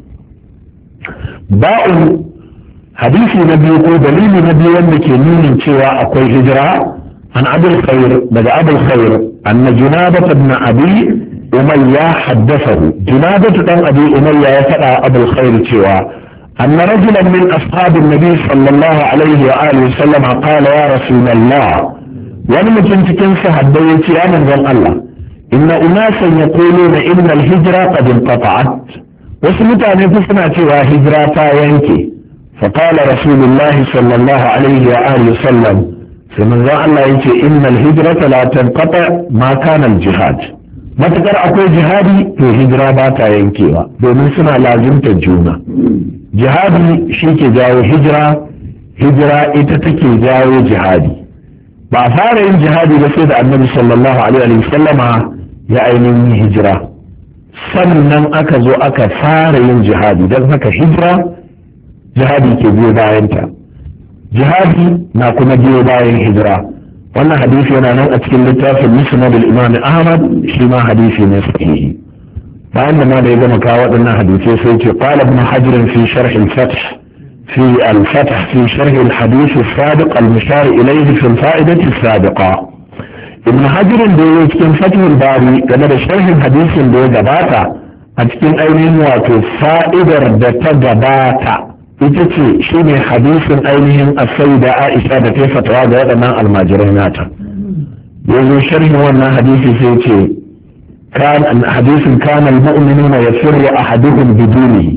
ba'u hadisi na biyu ko dalili na biyu wanda ke nunin cewa akwai hijira an abul khair daga abul khair anna junabata ibn abi umayya haddathahu junabata dan abi umayya ya faɗa abul khair cewa anna rajulan min ashabin nabi sallallahu alaihi wa alihi sallama qala ya rasulullah wani mutum cikin sahabbai ya ce ya manzan Allah inna unasan yaquluna innal hijra qad inqata'at wasu mutane fa suna cewa hijira ta yanke fa qala rasulullahi sallallahu alaihi wa alihi sallam sai manzon Allah yace innal hijrata la tanqata ma kana jihad matukar akwai jihadi to hijira ba ta yankewa domin suna lazimta juna jihadi shi ke jawo hijira hijira ita take jawo jihadi ba a fara yin jihadi ba sai da annabi sallallahu alaihi wa sallama ya ainihin hijira sannan aka zo aka fara yin jihadi don haka hijira jihadi ke biyo bayanta jihadi na kuma biyo bayan hijira wannan hadisi yana nan a cikin littafin musnad al-imam ahmad shi ma hadisi ne sahihi bayan da ma da ya gama kawo waɗannan hadisai sai ce qala ibn hajr fi sharh al-fath في الفتح في شرح الحديث السابق المشار إليه في الفائدة السابقة ابن حجر بيوت كن فتح الباري كما شرح الحديث بيوت جباتا أتكن أي نموة فائدة ردت جباتا إتتي شمي حديث أيهم السيدة عائشة كيف تواجه لنا الماجرينات يزو شرح وانا حديث سيتي كان حديث كان المؤمنون يسر أحدهم بدونه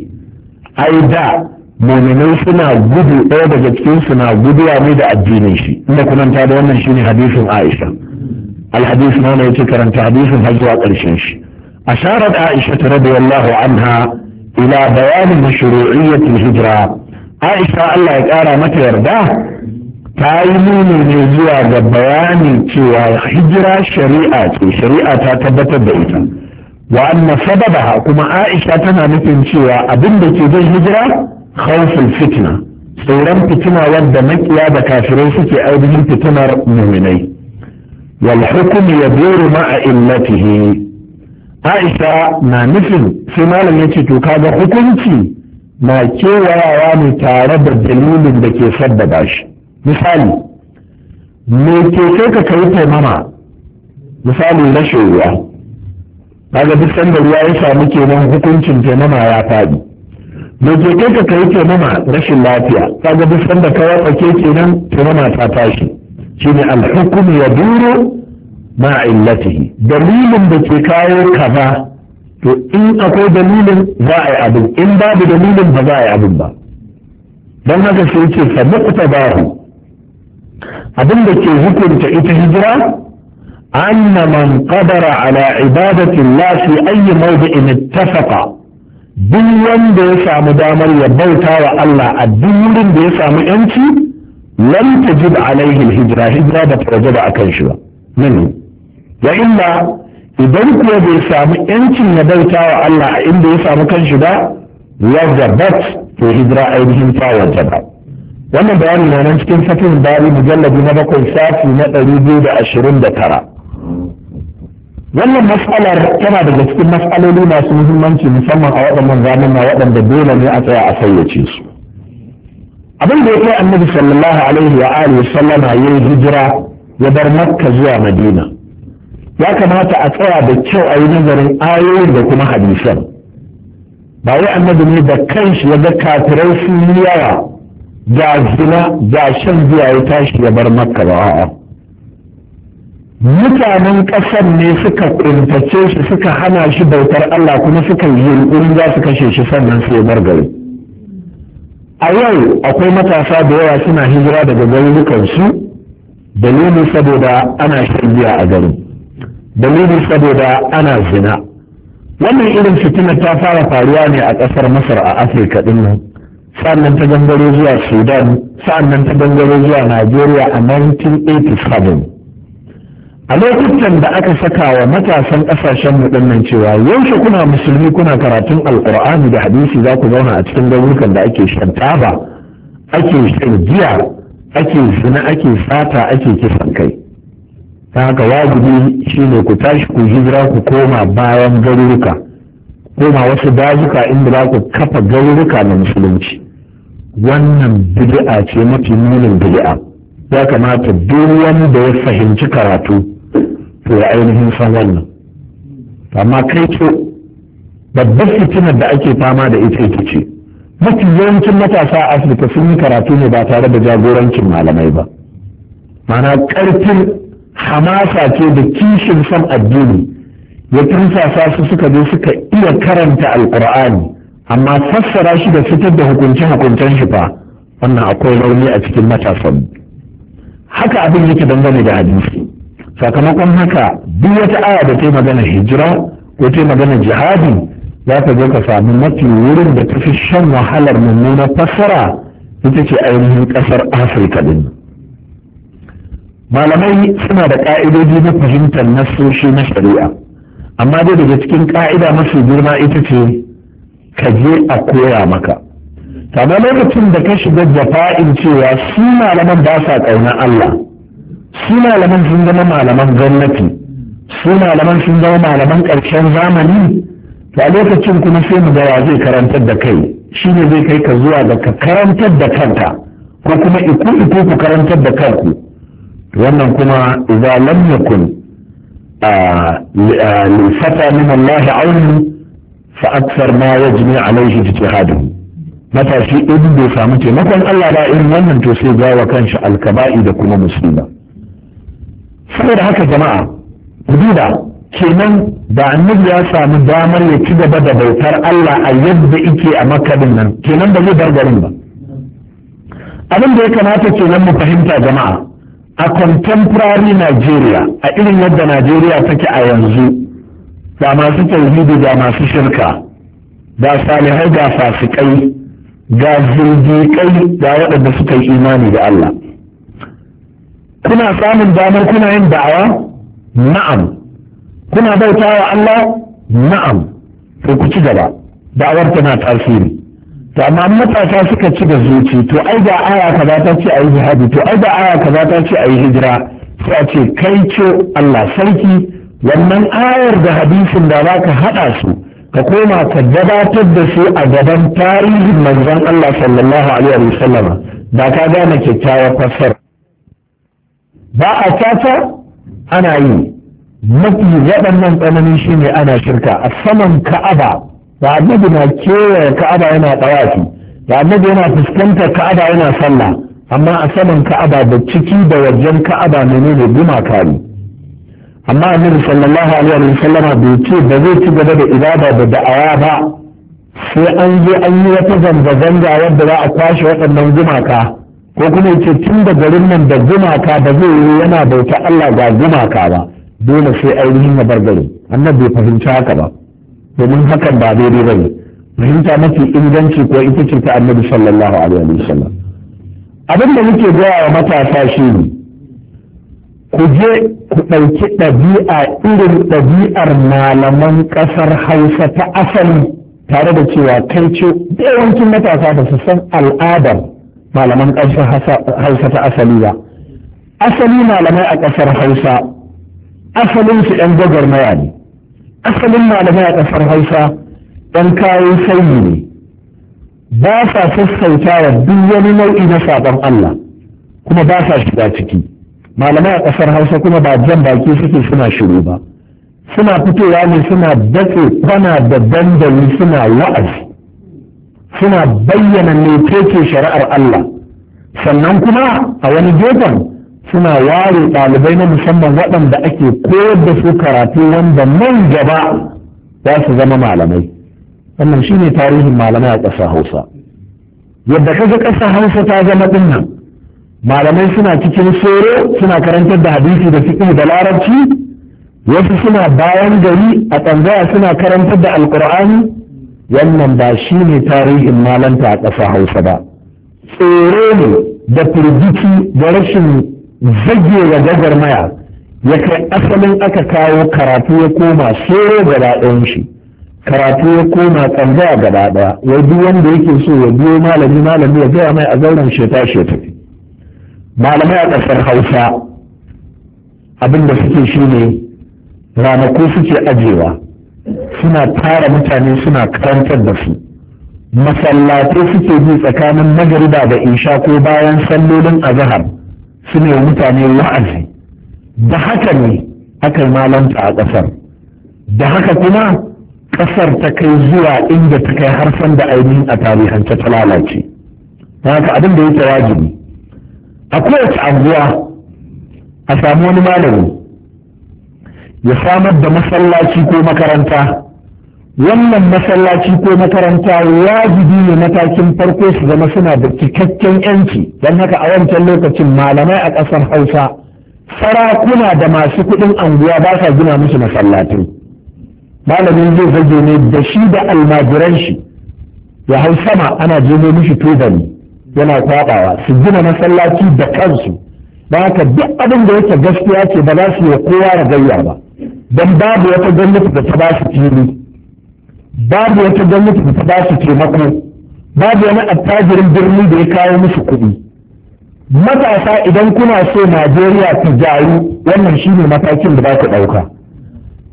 أي ده muminai suna gudu ɗaya daga cikin suna guduwa ne da addinin shi inda kuma ta da wannan shine hadisin Aisha الحديث ما يتي كرنت حديث هجوا قرشنش أشارت عائشة رضي الله عنها إلى بيان مشروعية الهجرة عائشة الله يقارى متى يرضاه تعلمون نزوى بيان تيوى هجرة شريعة شريعة تتبت بيتا وأن سببها كما عائشة تنا مثل تيوى أبن بتيوى الهجرة khawful fitna tsoron fitina wadda makiya da kafirai suke ainihin fitinar muminai wal hukumi ya buru ma'a illatihi aisha na nufin sai malam ya ce to kaga hukunci na kewayawa ne tare da dalilin da ke sabbaba shi misali me ke sai ka kai taimama misali rashin ruwa kaga duk sanda ruwa ya samu kenan hukuncin taimama ya faɗi da ke kai ka kai ke mama rashin lafiya kaga duk sanda ka watsa ke kenan ke mama ta tashi shine al-hukmu yaduru ma illatihi dalilin da ke kawo kaza to in akwai dalilin za a yi abin in babu dalilin ba za a yi abin ba don haka sai ce fa bahu. abin da ke hukunta ita hijira anna man qadara ala ibadati Allah fi ayyi mawdi'in ittafaqa duk wanda ya samu damar ya bauta wa Allah a duk wurin da ya samu yanci lam tajib alaihi hijira hijira ba ta da akan shi ba nan ya illa idan kuwa bai samu yancin ya bauta wa Allah a inda ya samu kanshi ba wajabat to hijira ainihin ta wajaba wannan bayani na nan cikin fatin bari mujallabi na bakwai safi na ɗari biyu da ashirin da tara wannan matsalar tana daga cikin matsaloli masu muhimmanci musamman a waɗannan zamuna waɗanda dole ne a tsaya a sayyace su abin da ya kai annabi sallallahu alaihi wa alihi sallama ya yi hijira ya bar makka zuwa madina ya kamata a tsaya da kyau a yi nazarin ayoyin da kuma hadisan ba wai annabi ne da kanshi ya ga kafirai sun yawa ga zina ga shan biya ya tashi ya bar makka ba a'a mutanen ƙasar ne suka kuntace shi suka hana shi bautar Allah kuma suka yi yunƙurin za su kashe shi sannan sai bar gari a yau akwai matasa da yawa suna hijira daga garurukansu dalili saboda ana shan a garin dalili saboda ana zina wannan irin fitina ta fara faruwa ne a ƙasar masar a afirka ɗin nan sannan ta gangaro zuwa sudan sannan ta gangaro zuwa najeriya a 1987 a lokutan da aka saka wa matasan ƙasashen mu cewa yaushe kuna musulmi kuna karatun alkur'ani da hadisi za ku zauna a cikin garurukan da ake shan taba ake shan giya ake zina ake sata ake kisan kai ta haka wajibi shine ku tashi ku hijira ku koma bayan garuruka koma wasu dazuka inda za ku kafa garuruka na musulunci wannan bid'a ce mafi munin bid'a ya kamata duk wanda ya fahimci karatu to ya ainihin san wannan amma kai to babbar fitinar da ake fama da ita ita ce mafi yawancin matasa a afirka sun yi karatu ne ba tare da jagorancin malamai ba mana karfin hamasa ce da kishin san addini ya turfasa su suka zo suka iya karanta alkur'ani amma fassara shi da fitar da hukuncin hukuncen shi fa wannan akwai rauni a cikin matasan haka abin yake dangane da hadisi sakamakon haka duk wata aya da ta magana hijira ko ta magana jihadi za ka zo ka sami mafi wurin da ta fi shan wahalar mummunar fassara ita ce ainihin kasar afirka din malamai suna da ƙa'idodi na fahimtar nassoshi na shari'a amma dai daga cikin ƙa'ida mafi girma ita ce ka je a koya maka kama lokacin da ka shiga jafa'in cewa su malaman ba sa ƙauna allah su malaman sun zama malaman gwamnati su malaman sun zama malaman ƙarshen zamani to a lokacin kuma sai mu gawa zai karantar da kai shi ne zai kai ka zuwa ga ka karantar da kanka ko kuma iku iku ku karantar da kanku wannan kuma idza lam yakun lilfata min Allah auni fa akthar ma yajmi alaihi ijtihaduhu matashi idan bai samu taimakon Allah ba irin wannan to sai gawa kanshi alkaba'i da kuma musulma saboda haka jama'a duba kenan da annabi ya samu damar ya ci gaba da bautar Allah a yadda ike a makarin nan kenan ba zai bar garin ba abin da ya kamata kenan mu fahimta jama'a a contemporary Nigeria a irin yadda Nigeria take a yanzu ga masu tauhidi ga masu shirka ga salihai ga fasikai ga kai ga waɗanda suka yi imani da Allah kuna samun damar kuna yin da'awa na'am kuna wa Allah na'am To ku ci gaba da'awar tana tasiri to amma matasa suka ci da zuci to ai da aya kaza ta ce ayi jihadi to ai da aya kaza ta ce ayi hijira sai a ce kai ce Allah sarki wannan ayar da hadisin da za ka haɗa su ka koma ka gabatar da su a gaban tarihin manzon Allah sallallahu alaihi wa sallama da ka gane kyakkyawar fassara ba a caca ana yi mafi waɗannan tsananin shi ne ana shirka a saman ka'aba da annabi na kewaye ka'aba yana ɗawafi da annabi yana fuskantar ka'aba yana sallah amma a saman ka'aba da ciki da wajen ka'aba menene gumaka ne amma annabi sallallahu alaihi wa sallama bai ce ba zai ci gaba da ibada da da'awa ba sai an je an yi wata zanga-zanga wadda za a kwashe waɗannan gumaka ko kuma yace tun da garin nan da gumaka da zai yi yana bauta Allah ga gumaka ba dole sai ainihin ya bar gari annabi bai fahimci haka ba domin hakan ba daidai ba ne fahimta mafi inganci ko ita ce ta annabi sallallahu alaihi wa sallam abin da muke gaya wa matasa shi ne ku je ku ɗauki ɗabi'a irin ɗabi'ar malaman ƙasar hausa ta asali tare da cewa kai ce yawancin matasa da su san al'adar malaman ƙasar hausa ta asali ba asali malamai a ƙasar hausa asalin su yan gwagwarmaya ne asalin malamai a ƙasar hausa yan kayan sanyi ne ba sa sassauta wa duk wani nau'i na saɓon Allah kuma ba sa shiga ciki malamai a ƙasar hausa kuma ba jan baki suke suna shiru ba suna fitowa ne suna datse kwana da dandali suna wa'azi suna bayyana ne take shari'ar Allah sannan kuma a wani gefen suna ware ɗalibai na musamman waɗanda ake koyar da su karatu wanda nan gaba za su zama malamai wannan shine tarihin malamai a ƙasa hausa yadda kaga ƙasa hausa ta zama ɗinnan, malamai suna cikin soro suna karantar da hadisi da fiƙi da larabci wasu suna bayan gari a tsanzaya suna karantar da alƙur'ani wannan ba shi ne tarihin malanta a ƙasa hausa ba tsoro ne da firgici da rashin zagewa gagarmaya ya kai asalin aka kawo karatu ya koma tsoro gaba ɗayan shi karatu ya koma tsangaya gaba ɗaya wai duk wanda yake so ya biyo malami malami ya gaya mai a zauren sheta sheta malamai a ƙasar hausa abin da suke shi ne ranaku suke ajewa suna tara mutane suna karantar da su masallatai suke bi tsakanin magarida da isha ko bayan sallolin azahar su ne mutane wa'azi da haka ne aka malanta a ƙasar da haka kuma ƙasar ta kai zuwa inda ta kai harsan da ainihin a tarihance ta lalace haka abin da yake wajibi a kowace anguwa a samu wani malami ya samar da masallaci ko makaranta wannan masallaci ko makaranta wajibi ne matakin farko su zama suna da cikakken yanci don haka a wancan lokacin malamai a ƙasar hausa sarakuna da masu kuɗin anguwa ba sa gina musu masallatai malamin zai zage ne da shi da almajiran shi ya hau sama ana jemo mishi tubali yana kwabawa su gina masallaci da kansu don haka duk abin da yake gaskiya ce ba za su yi kowa da gayya ba don babu wata gwamnati da ta ba shi fili babu wata gwamnati da ta ba shi taimako babu wani attajirin birni da ya kawo musu kuɗi matasa idan kuna so najeriya ta jaru wannan shine matakin da za ku ɗauka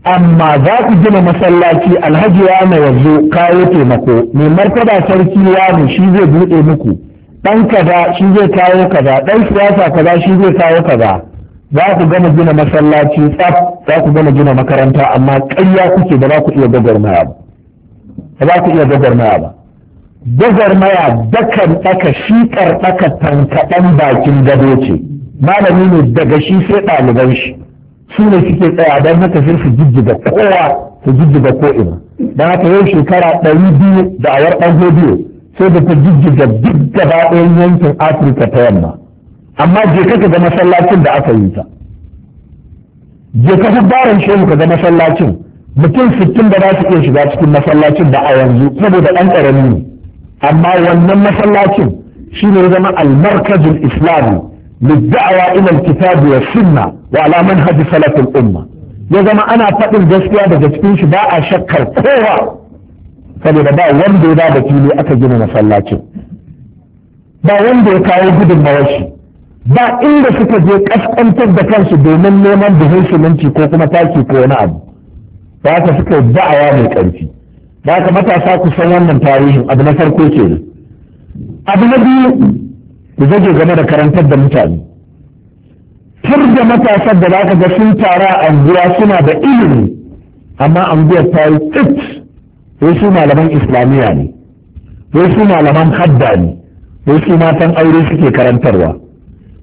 amma za ku gina masallaci alhaji ya na yanzu kawo taimako mai martaba sarki mu shi zai buɗe muku ɗan kaza shi zai kawo kaza ɗan siyasa kaza shi zai kawo kaza za ku gama gina masallaci tsaf za ku gama gina makaranta amma ƙarya kuke ba za ku iya maya ba ba za ku iya maya ba gwagwarmaya dakan ɗaka shi ɗaka tankaɗan bakin gado ce malami ne daga shi sai ɗaliban shi su ne suke tsaya don haka sai su jijjiga kowa su jijjiga ko ina don haka yau shekara ɗari biyu da awar ɗan sai da ta jijjiga duk gaba ɗayan yankin afirka ta yamma amma je ka ga masallacin da aka yi ta je ka barin shehu ka zama masallacin mutum sittin da za su iya shiga cikin masallacin da a yanzu saboda ɗan ƙarami ne amma wannan masallacin shi ne zama almarkazin islami للدعوة إلى sunna wa وعلى manhaji سلف umma, ya zama ana faɗin gaskiya daga cikin shi ba a shakkar kowa saboda ba wanda ya da fili aka gina masallacin ba wanda ya kawo gudunmawar shi ba inda suka je kaskantar da kansu domin neman buhun siminti ko kuma taki ko wani abu ba ka suka a mai ƙarfi ba ka matasa ku san wannan tarihin abu na farko ke ne abu na biyu ku zage game da karantar da mutane tur da matasan da zaka ga sun tara a anguwa suna da ilimi amma anguwar ta yi tsit wai su malaman islamiyya ne wai su malaman hadda ne wai su matan aure suke karantarwa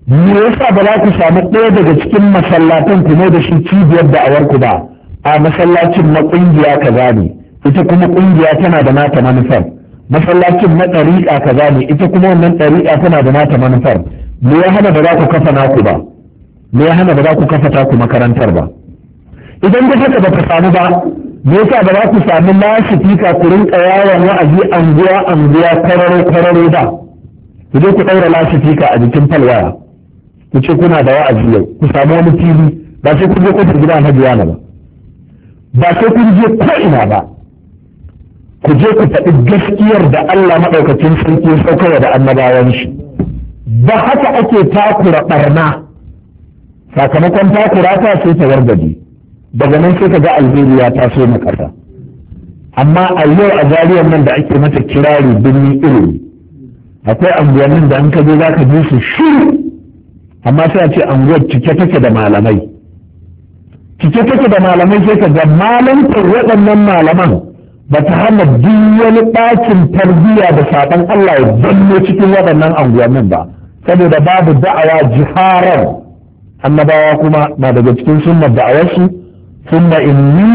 me yasa ba za ku samu ɗaya daga cikin masallatan ku ne da shi cibiyar da'awar ku ba a masallacin na ƙungiya kaza ne ita kuma ƙungiya tana da nata manufar masallacin na ɗariƙa kaza ne ita kuma wannan ɗariƙa tana da nata manufar me ya hana ba za ku kafa naku ba me ya hana ba za ku kafa taku makarantar ba idan da haka ba ka samu ba me yasa ba za ku samu lasifika ku rinka yawon wa'azi anguwa anguwa kararo kararo ba ku je ku ɗaura lasifika a jikin falwaya ku ce kuna da wa'azi yau ku samu wani fili ba sai kun je kofar gidan Alhaji Yana ba ba sai kun je ko ina ba ku je ku faɗi gaskiyar da Allah maɗaukacin sarki ya saukarwa da annabawan shi ba haka ake takura ɓarna sakamakon takura ta sai ta wargaje daga nan sai ka ga Algeria ta so na ƙasa amma a yau a zariyar nan da ake mata kirari birni ilimi akwai anguwannin da an ka je za ka ji su shiru amma sai a ce anguwar cike take da malamai cike take da malamai sai ka ga malantar waɗannan malaman ba ta hana duk wani ɗakin tarbiyya da saɓon Allah ya zanno cikin waɗannan anguwannin ba saboda babu da'awa jiharar annabawa kuma na daga cikin sunna da'awarsu sunna inni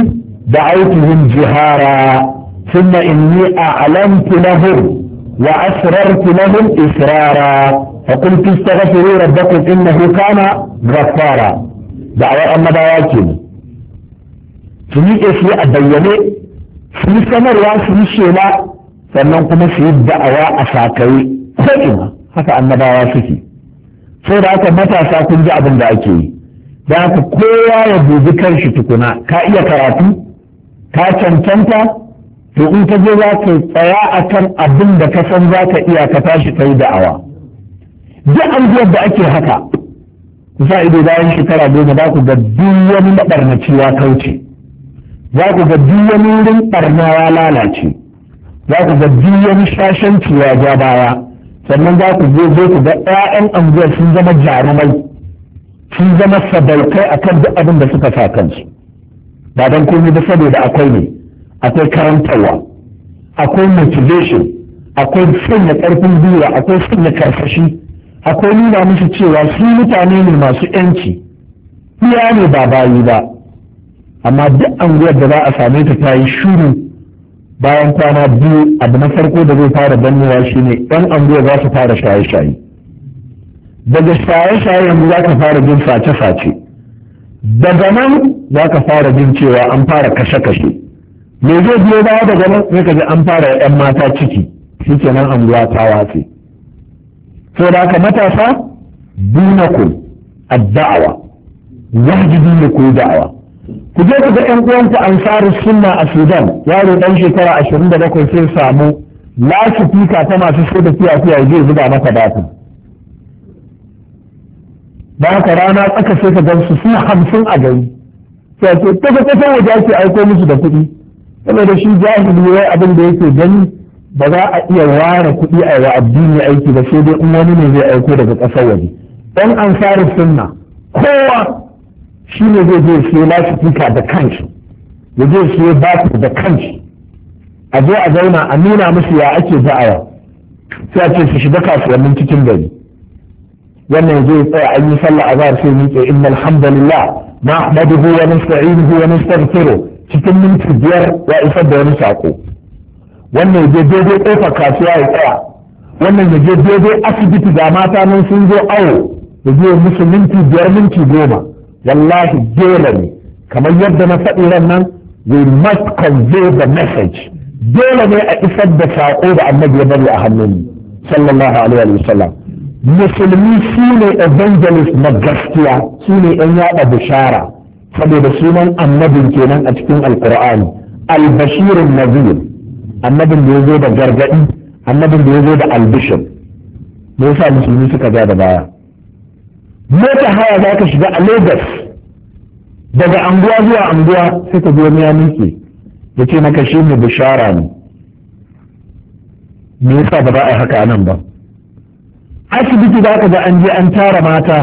da'autuhum jihara sunna inni a'lamtu lahum وأسررت لهم إسرارا فقلت استغفروا ربكم إنه كان غفارا دعوة أما دعواتهم su miƙe su a bayyane su yi sanarwa su shela sannan kuma suyi da'awa a sakaye ko ina haka annabawa suke sai da haka matasa kun ji abin da ake yi da haka kowa ya dubi kanshi tukuna ka iya karatu ka cancanta to in ka je za ka tsaya akan abin da ka san za ka iya ka tashi yi da'awa duk an da ake haka a ido bayan shekara goma za ku ga duk wani maɓarnaci kauce za ku ga duk wani wurin ɓarna ya lalace za ku ga duk wani shashanci ya ja baya sannan za ku zo zo ku ga 'ya'yan anguwar sun zama jarumai sun zama sadaukai akan duk abin da suka sa kansu ba don komai ba saboda akwai ne akwai karantarwa akwai motivation akwai sanya karfin gwiwa akwai sanya karfashi akwai nuna musu cewa su mutane ne masu yanci iya ne ba bayi ba amma duk anguwar da za a same ta ta yi shuru bayan kwana biyu abu na farko da zai fara dannewa shine yan anguwar za su fara shaye-shaye daga shaye-shaye yanzu za ka fara jin face-face daga nan za ka fara jin cewa an fara kashe-kashe me zai biyo baya daga nan sai ka ji an fara yan mata ciki shi kenan anguwa ta watse da aka matasa dunakum ad wajibi ne ku da'awa ku je ku ga yan uwanku ansaru sunna a Sudan yaro dan shekara ashirin da 27 sai samu lasifika ta masu so da fiya-fiya zai zuba maka datu ba ka rana tsaka sai ka gan su suna hamsin a gari sai ce ta ga kasar waje ake aiko musu da kuɗi saboda shi jahili wai abin da yake gani ba za a iya ware kuɗi a wa addini aiki ba sai dai in wani ne zai aiko daga ƙasar waje dan ansari sunna kowa shi ne zai je siyo lasifika da kanshi ya je siyo batir da kanshi a zo a zauna a nuna musu ya ake da'awa sai a ce su shiga kasuwannin cikin gari wannan zai tsaya an yi sallah azhar sai miƙe innal hamdalillah nahmaduhu wa nasta'inuhu wa nastaghfiruh cikin minti biyar ya isar da wani sako wannan ya je daidai kofar kasuwa ya tsaya wannan ya je daidai asibiti ga mata nan sun zo awo ya je musu minti biyar minti goma wallahi dole ne kamar yadda na faɗi ran nan we must convey the message dole ne a isar da sako da annabi ya bari a hannun sallallahu alaihi wa sallam musulmi su ne evangelist na gaskiya su ne yan yada bishara saboda sunan annabin kenan a cikin alkur'ani AlBashirin nazir annabin da ya zo da gargaɗi annabin da ya zo da albishir me yasa musulmi suka ja da baya mota haya za ka shiga a lagos daga anguwa zuwa anguwa sai ka zo ya miƙe ya ce na kashe mu bishara ne me yasa ba za a yi haka nan ba asibiti za ka ga an je an tara mata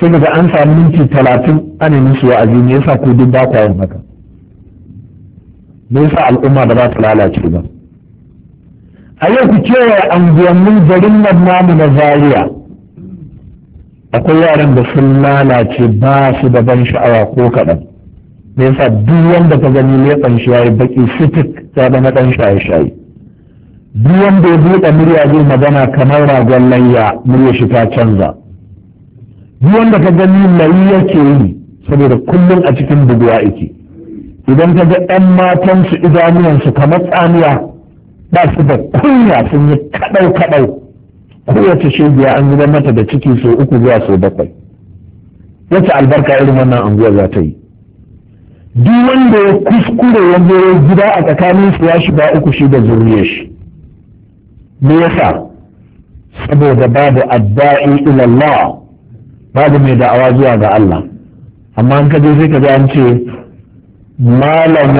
sai daga an samu minti talatin ana musu wa'azi me yasa ko duk ba kwa yin haka me yasa al'umma ba za ta lalace ba a yau ku kewaye anguwannin garin nan namu na zaria akwai yaran da sun lalace ba su da ban sha'awa ko kaɗan me yasa duk wanda ka gani ne shi yayi baki sitik ya zama ɗan shaye-shaye duk wanda ya buɗe murya zai magana kamar ragon layya murya shi ta canza yi wanda ka gani mai yake yi saboda kullum a cikin buguwa yake idan ka ga 'yan matansu idanuwansu kamar tsamiya ba su da kunya sun yi kaɗau kaɗau kowace shegiya an zuba mata da ciki sau uku zuwa sau bakwai wace albarka irin wannan anguwa za ta yi duk wanda ya kuskure ya zo gida a tsakanin su ya shiga uku shi da zuriyar shi me yasa saboda babu adda'i ila babu mai da'awa zuwa ga Allah amma an kaje sai ka an ce malam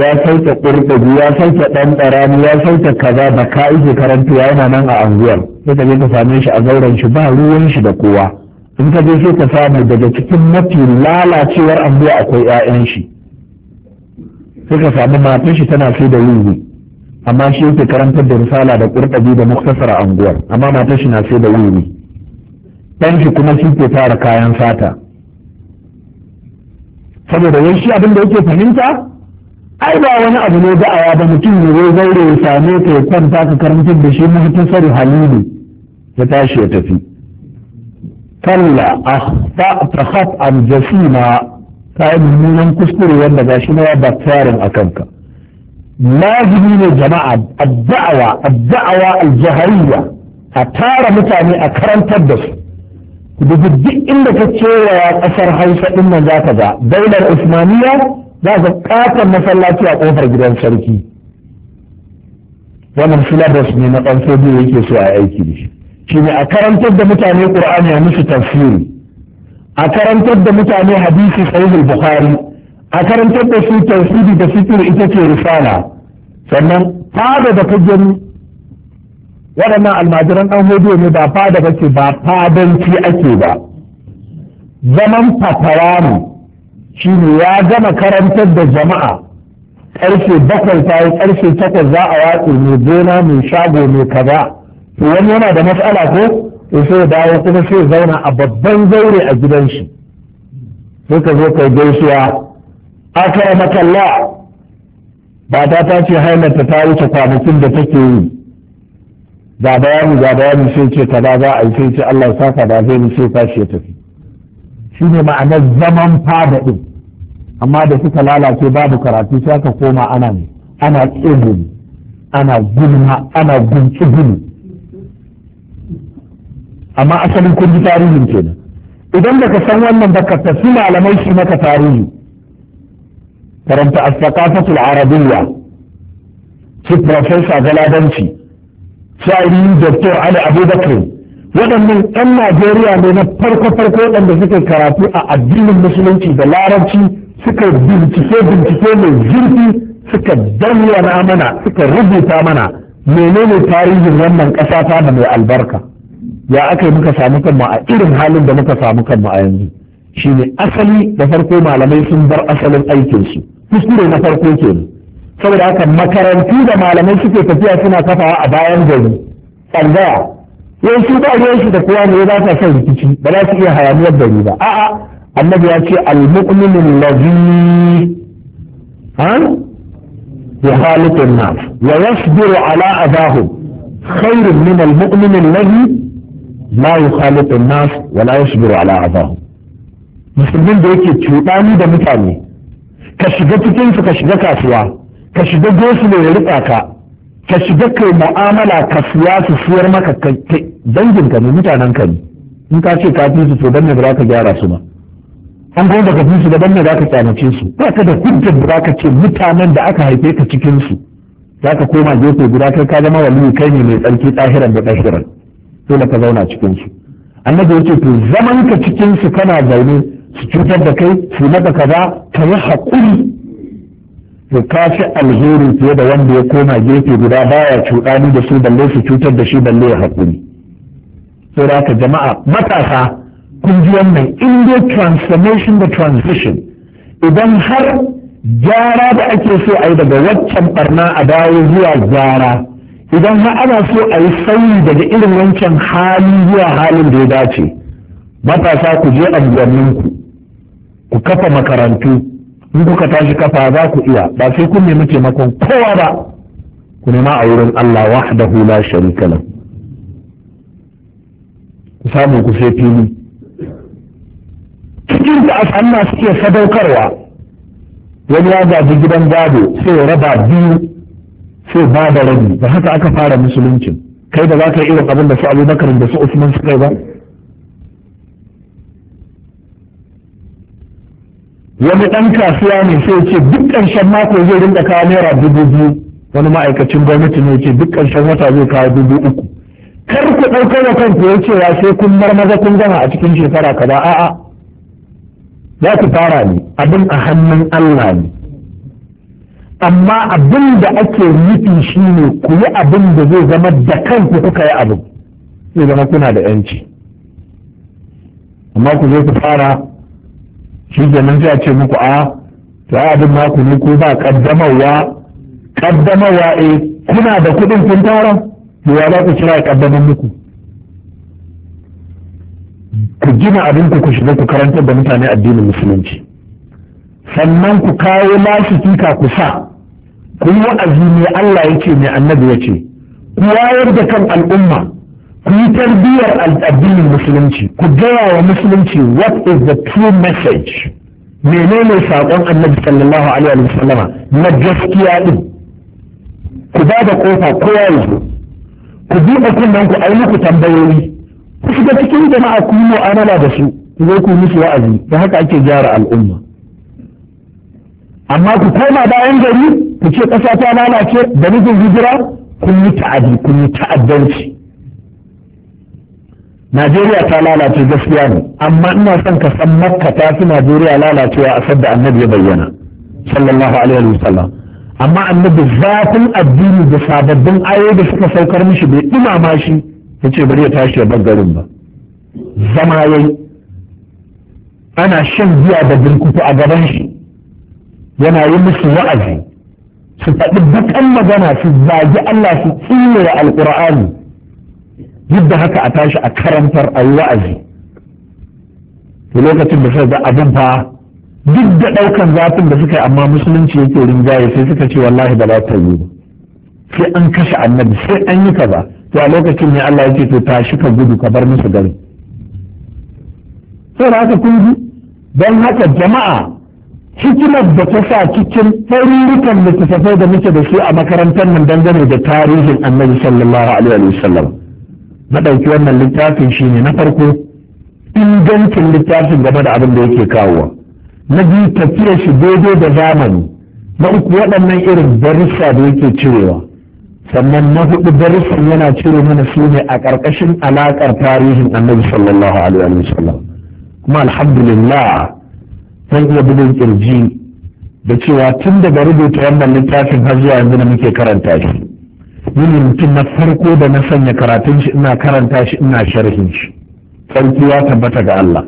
ya sauta ƙurƙudu ya sauta ɗan ɗarami ya sauta kaza da ka ije karantuwa yana nan a anguwar sai ka je ka same shi a zauren shi ba ruwan shi da kowa in ka je sai ka samu daga cikin mafi lalacewar anguwa akwai 'ya'yan shi sai ka samu matan shi tana sai da wiwi amma shi yake karantar da risala da ƙurɗabi da muktasar anguwar amma matan shi na sai da wiwi ɗan kuma shi ke tara kayan sata saboda wai shi abin da yake fahimta ai ba wani abu ne da'awa ba mutum ne zai zaure ya same ka ya kwanta ka karantar da shi muhtasar halilu ya tashi ya tafi kalla ta khat an jasima ka yi mummunan kuskure wanda ga shi ba baktarin a kanka lazimi ne jama'a adda'awa adda'awa aljahariya a tara mutane a karantar da su dubi duk inda ka cewa kasar hausa din nan za ka ga daular usmaniya za ka katon masallaci a kofar gidan sarki wannan syllabus ne na ɗan biyu yake so a aiki da shi shi ne a karantar da mutane qur'ani a musu tafsiri a karantar da mutane hadisi sahih bukhari a karantar da su tafsiri da fikir ita ce risala sannan fada da ka gani waɗannan almajiran ɗan hudu ne ba fada kake ba fadanci ake ba zaman fatawa shi ne ya gama karantar da jama'a ƙarshe bakwai ta yi ƙarshe takwas za a watsi mai gona mai shago mai kaza to wani yana da matsala ko to sai ya dawo kuma sai ya zauna a babban zaure a gidan shi sai ka zo kai gaisuwa akara makalla ba ta ta ce haimata ta wuce kwanakin da take yi ga bayani ga bayani sai ce kaza za a yi sai ce Allah ya saka da zai sai tashi ya tafi shi ne ma'anar zaman fada ɗin amma da suka lalace babu karatu sai aka koma ana ne ana tsibiri ana gulma ana gunci gulu amma asalin kun ji tarihin kenan idan baka san wannan baka tafi malamai shi maka tarihi karanta as-saqafatul arabiyya shi professor galadanci shari doktor ali abubakar waɗannan 'yan najeriya ne na farko-farko waɗanda suka karatu a addinin musulunci da larabci suka bincike-bincike mai zurfi suka bayyana mana suka rubuta mana menene tarihin wannan ƙasa ta da mai albarka ya aka yi muka samu kanmu a irin halin da muka samu kanmu a yanzu shine asali da farko malamai sun bar asalin aikinsu kuskure na farko kenan saboda haka makarantu da malamai suke tafiya suna kafawa a bayan gari tsangaya yau su ba ruwan shi da kowa ne ya sa son rikici ba za su iya hayaniyar gari ba a'a annabi ya ce al-mu'minu allazi ha يخالط الناس ويصبر على أذاهم خير من المؤمن الذي لا يخالط الناس ولا يصبر على أذاهم musulmin da yake cuɗani da mutane ka shiga cikinsu ka shiga kasuwa ka shiga ne ya riƙa ka ka shiga kai mu'amala ka siya su siyar maka dangin ka ne mutanen ka ne in ka ce ka fi su to dan ne za ka gyara su ba an kuma ka fi su da dan ne za ka tsanace su ba ka da hujjar da za ka ce mutanen da aka haife ka cikin su za ka koma gefe guda kai ka zama waliyu kai ne mai tsarki tsahiran da tsahiran dole ka zauna cikin su annabi yace to zaman ka cikin su kana zaune su cutar da kai su maka kaza ka yi haƙuri to ka alheri fiye da wanda ya koma gefe guda baya cuɗani da su balle su cutar da shi balle ya haƙuri sai da haka jama'a matasa kun ji wannan in dai transformation da transition idan har gyara da ake so a yi daga waccan barna a dawo zuwa gyara idan har ana so a yi sauyi daga irin wancan hali zuwa halin da ya dace matasa ku je anguwanninku ku kafa makarantu in kuka tashi kafa za ku iya ba sai kun nemi taimakon kowa ba ku nema a wurin Allah wahdahu la sharika lahu ku samu ku sai fili cikin da Allah suke sadaukarwa wani ya gaji gidan gado sai raba biyu sai ba da rabi da haka aka fara musuluncin kai da za ka yi irin abin da su abubakar da su usman suka yi ba wani ɗan kasuwa ne sai ce duk ƙarshen mako zai rinka kawo naira dubu biyu wani ma'aikacin gwamnati ne ce duk ƙarshen wata zai kawo dubu uku kar ku ɗaukar da kanku ya cewa sai kun maza kun gama a cikin shekara kaza a'a za ku fara ne abin a hannun Allah ne amma abin da ake nufi shi ne ku yi abin da zai zama da kanku kuka yi abin zai zama kuna da yanci amma ku zo ku fara shi kenan sai a ce muku a ta abin maku ne ko ba kaddamarwa kaddamarwa eh kuna da kuɗin kun tara to ya za ku kira kaddamar muku ku gina abin ku shiga ku karantar da mutane addinin musulunci sannan ku kawo lashiki ka ku sa kun wa'azi ne Allah yake ne annabi yace ku wayar da kan al'umma ku yi tarbiyyar addinin musulunci ku gaya wa musulunci what is the true message menene saƙon annabi sallallahu alaihi wa na gaskiya din ku ba da kofa kowa ya zo ku buɗe kunnen ku ai muku tambayoyi ku shiga cikin jama'a ku yi mu'amala da su ku zo ku musu wa'azi da haka ake gyara al'umma amma ku koma bayan gari ku ce ƙasa ta lalace da nufin hijira kun yi ta'adi kun yi ta'addanci najeriya ta lalace gaskiya ne amma ina son ka san makka ta fi najeriya lalacewa a sadda annabi ya bayyana sallallahu alaihi wa sallam amma annabi zafin addini da sababbin ayoyi da suka saukar mishi bai dumama shi ya ce bari ya tashi ya garin ba zama yayi ana shan giya da burkutu a gaban shi yana yi musu wa'azi su faɗi bakan magana su zagi Allah su tsine wa alƙur'ani duk da haka a tashi a karantar a wa'azi to lokacin da suka ga abin fa duk da ɗaukan zafin da suka yi amma musulunci yake rinjaye sai suka ce wallahi ba za ta yi sai an kashe annabi sai an yi kaza to a lokacin ne Allah yake to tashi ka gudu ka bar musu gari sai haka kun ji don haka jama'a hikimar da ta sa cikin farurukan littattafai da muke da su a makarantar nan dangane da tarihin annabi sallallahu alaihi wa sallam na ɗauki wannan littafin shi ne na farko ingancin littafin game da abin da yake kawowa na biyu tafiyar shi daidai da zamani na uku waɗannan irin darussa da yake cirewa sannan na hudu darussan yana cire mana su ne a ƙarƙashin alaƙar tarihin annabi sallallahu alaihi wa sallam kuma alhamdulillah zan iya bugun kirji da cewa tun daga rubuta wannan littafin har zuwa yanzu da muke karanta shi ni mutum na farko da na sanya karatun shi ina karanta shi ina sharhin shi sarki ya tabbata ga Allah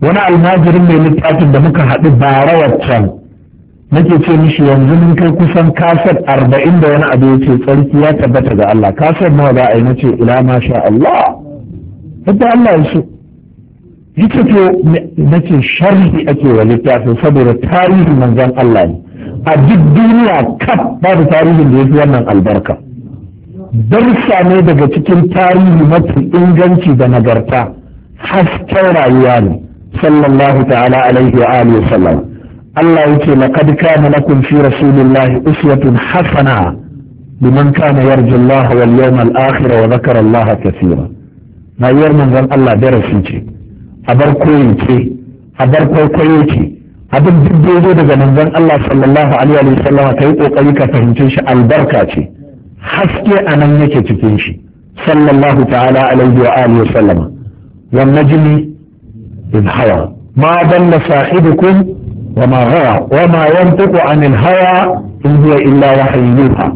wani almajirin mai littafin da muka haɗu bara waccan nake ce mishi yanzu mun kai kusan kasar arba'in da wani abu yace tsarki ya tabbata ga Allah kasar nawa za a yi nace ila ma sha Allah yadda Allah ya so yace to nace sharhi ake wa littafin saboda tarihin manzon Allah ne a duk duniya kaf babu tarihin da yafi wannan albarka Darsa ne daga cikin tarihi mafi inganci da nagarta hasken rayuwa ne sallallahu ta'ala alaihi wa alihi sallam Allah yake laqad kana lakum fi rasulillahi uswatun hasana liman kana yarju Allah wal yawmal akhir wa dhakara Allah kaseera rayuwar manzon Allah darasi ce a bar koyi ce a bar kwaikwayo ce abin duk daga manzon Allah sallallahu alaihi wa sallam kai kokari ka fahimce shi albarka ce haske a nan yake cikin shi sallallahu ta'ala alaihi wa alihi wa sallama wan najmi in hawa ma dalla sahibukum wa ma ghawa wa ma yantiqu anil hawa in huwa illa wahyun yuha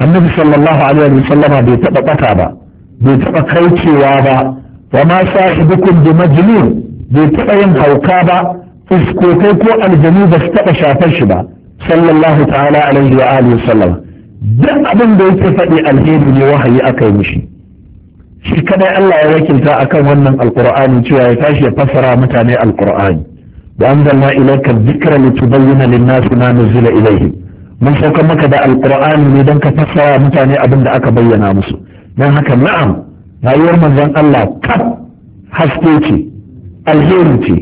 annabi sallallahu alaihi wa sallama bai taba bata ba bai taba kaucewa ba wa ma sahibukum bi majnun bai taba yin hauka ba iskokai ko aljanu ba su taba shafar shi ba sallallahu ta'ala alaihi wa alihi wa sallama duk abin da yake faɗi alheri ne wahayi aka yi mishi shi kadai Allah ya wakilta akan wannan alqur'ani cewa ya tashi ya fassara mutane alqur'ani da anzalna ilayka dhikra litubayyana lin-nasi ma nuzila ilayhim mun sauka maka da alqur'ani ne don ka fassara mutane abin da aka bayyana musu dan haka na'am rayuwar manzon Allah kaf haske ce alheri ce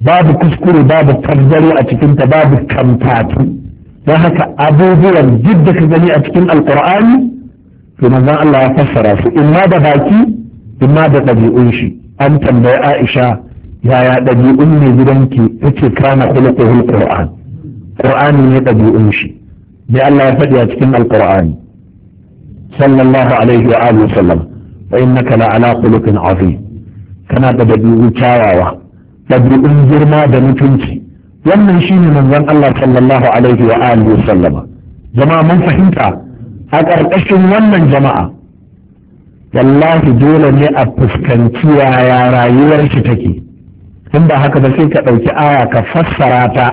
babu kuskure babu tabbari a cikinta babu kamtatu don haka abubuwan duk da ka gani a cikin alkur'ani to manzon Allah ya fassara su imma da baki imma da ɗabi'un shi an tambayi Aisha yaya ɗabi'un ne gidanki yace kana khuluquhul qur'an qur'ani ne ɗabi'un shi me Allah ya faɗi a cikin alkur'ani sallallahu alaihi wa alihi sallam wa innaka khuluqin azim kana da ɗabi'u kyawawa ɗabi'un girma da mutunci wannan shine manzon Allah sallallahu alaihi wa alihi sallama jama'a mun fahimta a ƙarƙashin wannan jama'a wallahi dole ne a fuskanci yaya rayuwar shi take in ba haka ba sai ka ɗauki aya ka fassara ta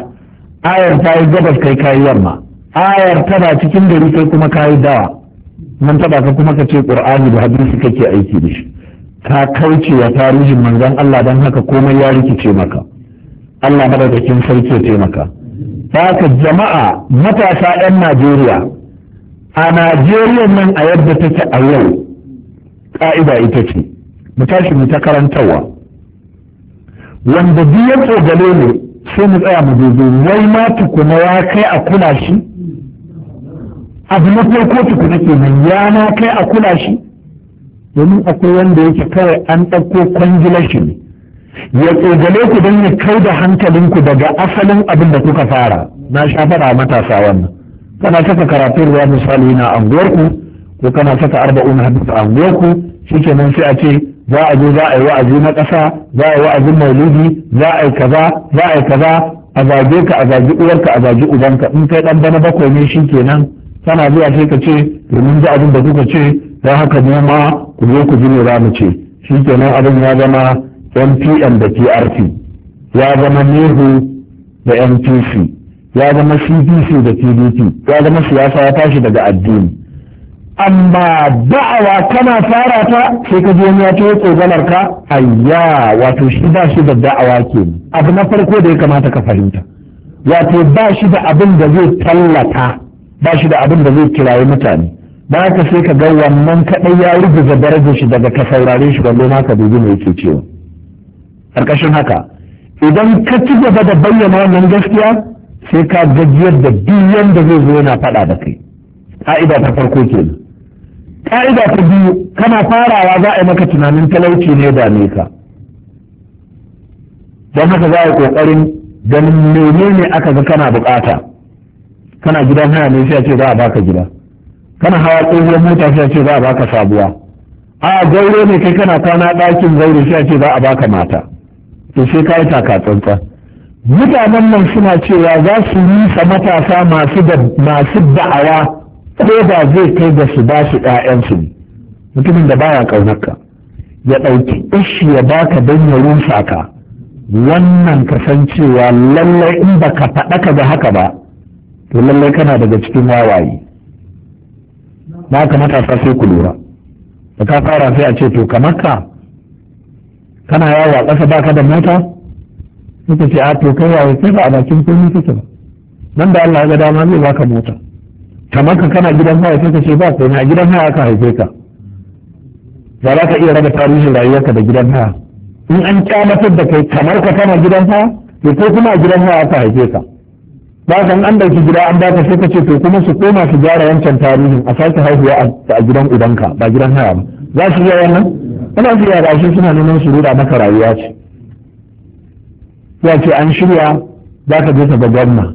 ayar ta yi gabas kai kayi yamma ayar ba cikin gari kai kuma kayi dawa mun taba ka kuma ka ce ƙur'ani da hadisi kake aiki da shi ka kauce wa tarihin manzon Allah dan haka komai ya rikice maka Allah madaukakin sarki ya taimaka haka jama'a matasa 'yan Najeriya a Najeriya nan a yadda take a yau ƙa'ida ita ce mu tashi mu ta karantarwa wanda biyar ya gale ne sai mu tsaya mu dubi wai ma tukuna ya kai a kula shi abu na farko tukuna nan ya na kai a kula shi domin akwai wanda yake kawai an ɗauko kwangilashi ya tsogale ku don ya kai da hankalinku daga asalin abin da kuka fara na sha faɗa matasa wannan kana saka karatun ruwa misali na anguwarku ko kana saka arba'un hadith a anguwarku shikenan sai a ce za a zo za a yi wa'azi na ƙasa za a yi wa'azin maulidi za a yi kaza za a yi kaza a zage ka a zage uwarka a zage ubanka in kai dan bana bakwai ne shikenan kana zuwa sai ka ce domin da abin da kuka ce don haka mu ma ku zo ku ji ne za mu ce shikenan abin ya zama npm da prp ya zama nehu da npc ya zama cpc da pdp ya zama siyasa ya tashi daga addini amma da'awa kana fara ta sai ka je wani ya tawo tsogalar ka ayya wato shi ba shi da da'awa ke abu na farko da ya kamata ka fahimta wato ba shi da abin da zai tallata ba shi da abin da zai kirayi mutane ba ka sai ka ga wannan kaɗai ya rubuta darajar shi daga ka saurare shi balle ma ka dubi mai yake cewa ƙarƙashin haka idan ka ci gaba da bayyana wannan gaskiya sai ka gajiyar da biyan da zai zo yana faɗa da kai ƙa'ida ta farko ke. ƙa'ida ta biyu kana farawa za a yi maka tunanin talauci ne da ne ka don haka za a yi ƙoƙarin ganin menene aka ga kana buƙata kana gidan haya ne sai a ce za a baka gida kana hawa tsohuwar mota sai a ce za a baka sabuwa a gauro ne kai kana kwana ɗakin gauro sai a ce za a baka mata to sai ka yi taka tsantsan mutanen nan suna cewa za su yi sa matasa masu masu da'awa ko da zai kai da su ba su ne mutumin da baya ƙaunarka ya ɗauki ishi ya baka don ya rusa ka wannan cewa lallai in ba ka ka da haka ba to lallai kana daga cikin wawaye ba ka matasa sai ku lura da ka fara sai a ce to kamar ka kana yawo a ƙasa baka da mota suka ce a to kai yawo sai ba a bakin komai suke ba nan da Allah ya ga dama zai baka mota kamar ka kana gidan haya sai ka ce ba ko a gidan haya aka haife ka ba za ka iya raba tarihin rayuwarka da gidan haya in an kyamatar da kai kamar ka kana gidan haya to ko kuma a gidan haya aka haife ka ba ka an ɗauki gida an baka sai ka ce to kuma su koma su gyara wancan tarihin a sake haihuwa a gidan ubanka ba gidan haya ba za su iya wannan ina jiya da shi suna neman su da maka rayuwa ce ya ce an shirya za ka je ka ga ganna.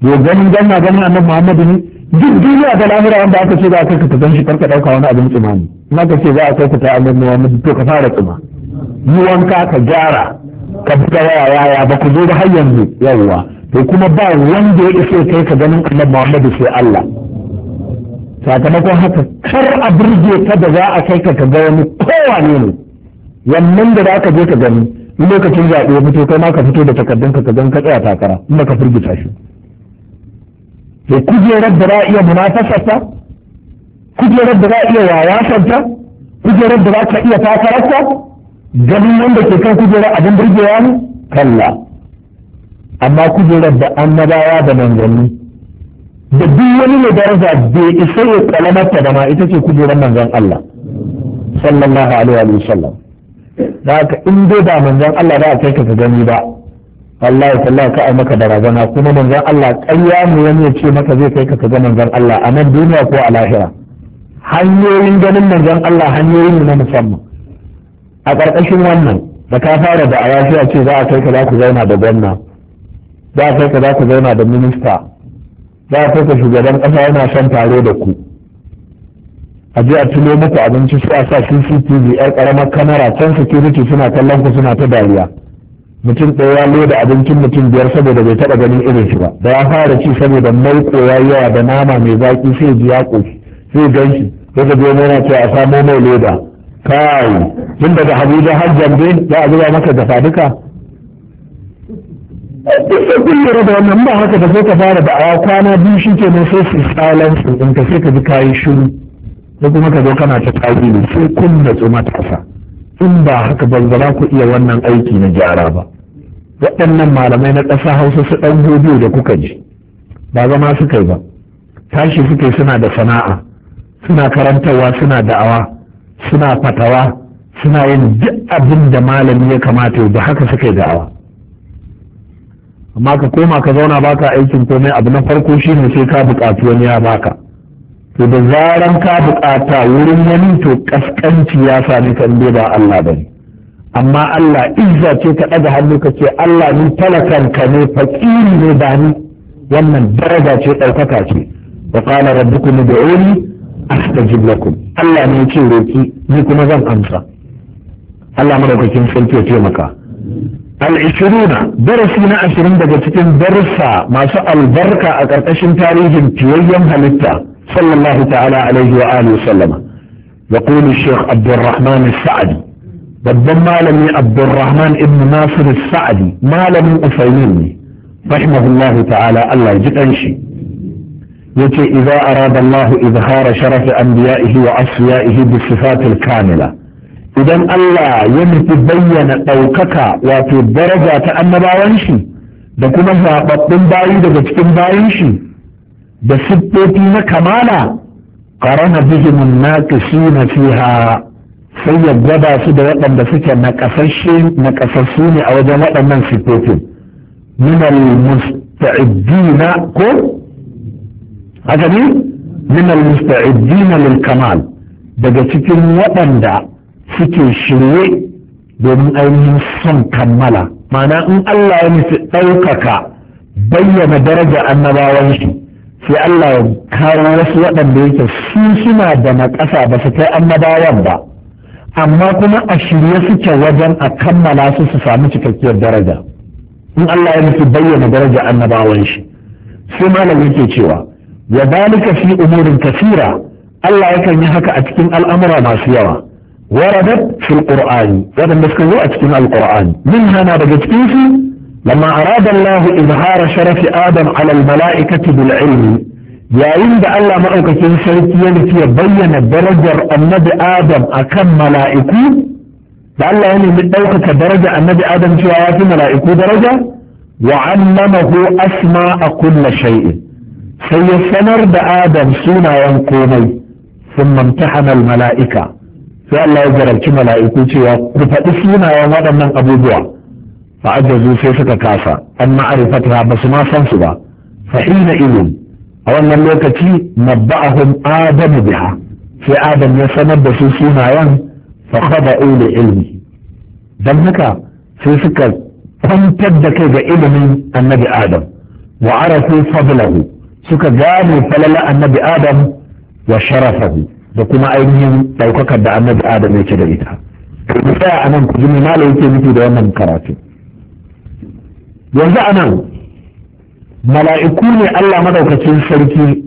yo ganin gwamna ganin annabi muhammadu ne duk duniya da lahira wanda aka ce za ka ka tafi karka dauka wani abin tsimani na ka ce za a kai ka ta annabi muhammadu to ka fara tsima yi wanka ka gyara ka buga waya yaya ba ku zo da har yanzu yawwa to kuma ba wanda ya iso kai ka ganin annabi muhammadu sai Allah sakamakon haka kar a birge ka da za a kai ka ka ga wani kowane ne wannan da za ka je ka gani lokacin zaɓe fito kai ma ka fito da takardun ka gan ka tsaya takara in ka firgita shi to kujerar da za a iya munafasarta kujerar da za a iya wayasarta kujerar da za ka iya takararta ganin wanda ke kan kujerar abin birgewa ne kalla amma kujerar da annabawa da manzanni da duk wani mai daraja bai isa ya kwalamarta da ma ita ce kujerar manzon Allah sallallahu alaihi wa sallam da haka in dai ba manzon Allah ba a kai ka gani ba wallahi sallah ka ai maka darajana razana kuma manzon Allah ƙarya mu wani ya ce maka zai kai ka ga manzon Allah a nan duniya ko a lahira hanyoyin ganin manzon Allah hanyoyin na musamman a ƙarƙashin wannan da ka fara da a ce za a kai ka za ku zauna da gwamna za a kai ka za ku zauna da minista za a shugaban ƙasa yana son taro da ku a je a tulo muku abinci su a sa cctv yar karamar kamera can security suna kallon ku suna ta dariya mutum ɗaya ya loda abincin mutum biyar saboda bai taɓa ganin irin shi ba da ya fara ci saboda mai ya yawa da nama mai zaƙi sai ji ya ƙoshi sai gan shi sai ka je ce a samo mai loda kai tun daga habuja har jambe za a zuba maka dafa duka duk da kun lura da wannan ba haka da ka fara da'awa kwana biyu shi ke nan sai su silence in ka sai ka ji kayi shiru da kuma ka zo kana ta tsagi ne sai kun natsu matasa in ba haka ba za ku iya wannan aiki na gyara ba waɗannan malamai na ƙasa hausa su ɗan gobe da kuka ji ba zama suka yi ba tashi suke suna da sana'a suna karantarwa suna da'awa suna fatawa suna yin duk abin da malami ya kamata da haka suka yi da'awa amma ka koma ka zauna baka aikin komai abu na farko shi ne sai ka bukatu wani ya baka to da zaran ka bukata wurin wani to kaskanci ya sami kan ba Allah ba amma Allah izza ce ka ɗaga hannu ka ce Allah ni talakan ka ne fakiri ne ba ni wannan daraja ce ɗaukaka ce wa qala rabbukum ud'uni astajib lakum Allah ne ce roki ni kuma zan amsa Allah madaukakin sarki ya taimaka العشرون درسنا عشرين دقة درسا ما سأل بركة أكرتشن تاريخ تيوم هلتا صلى الله تعالى عليه وآله وسلم يقول الشيخ عبد الرحمن السعدي بدن ما لم عبد الرحمن ابن ناصر السعدي ما لم أفينني رحمه الله تعالى الله انشي يتي إذا أراد الله إظهار شرف أنبيائه وأصفيائه بالصفات الكاملة idan Allah ya nufi bayyana ɗaukaka wato daraja ta annabawan shi da kuma zaɓaɓɓun bayi daga cikin bayan shi da siffofi na kamala qarana bihim naqishina fiha sai ya gwada su da waɗanda suke naƙasashe naƙasassu ne a wajen waɗannan siffofin min mustaiddina ko haka ne min mustaiddina lil kamal daga cikin waɗanda suke shirye domin ainihin son kammala ma'ana in Allah ya nufi ɗaukaka bayyana daraja annabawan shi sai Allah ya kawo wasu waɗanda yake su suna da na ƙasa ba su kai annabawan ba amma kuma a shirye suke wajen a kammala su su samu cikakkiyar daraja in Allah ya nufi bayyana daraja annabawan shi sai malam yake cewa ya dalika fi umurin kasira Allah yakan yi haka a cikin al'amura masu yawa وردت في القرآن هذا مسكوة أتكين القرآن منها ما بجت فيه لما أراد الله إظهار شرف آدم على الملائكة بالعلم يا إن الله ما أوكسين شركيا في بيّن درجة النبي آدم أكم ملائكو لألا يعني من أوكس درجة النبي آدم شوائف ملائكو درجة وعلمه أسماء كل شيء سيسنر بآدم سونا ينقومي ثم امتحن الملائكة sai Allah ya jarabci mala'iku cewa ku faɗi sunayen waɗannan abubuwa fa ajazu sai suka kasa an ma'arifata ba su ma san su ba fa hina ilm a wannan lokaci nabba'ahum adamu biha sai adam ya sanar da su sunayen fa khada'u li ilmi dan haka sai suka kwantar da kai ga ilimin annabi adam wa arafu fadlahu suka gane falala annabi adam wa sharafahu da kuma ainihin ɗaukakar da annabi adam yake da ita ku tsaya a nan ku ji malam yake nufi da wannan karatu yanzu a nan mala'iku ne Allah madaukakin sarki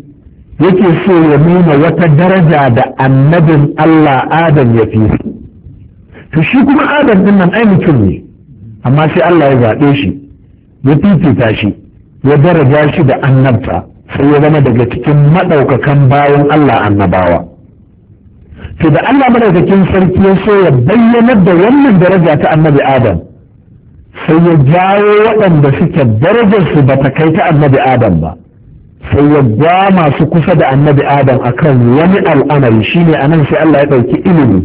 yake so ya nuna wata daraja da annabin Allah Adam ya fi to shi kuma Adam din nan ai mutum ne amma sai Allah ya zaɓe shi ya fifita shi ya daraja shi da annabta sai ya zama daga cikin maɗaukakan bayan Allah annabawa to da Allah madaukakin sarki ya so ya bayyanar da wannan daraja ta annabi adam sai ya jawo waɗanda suke darajarsu ba ta kai ta annabi adam ba sai ya ba masu kusa da annabi adam akan wani al'amari shine anan sai Allah ya ɗauki ilimi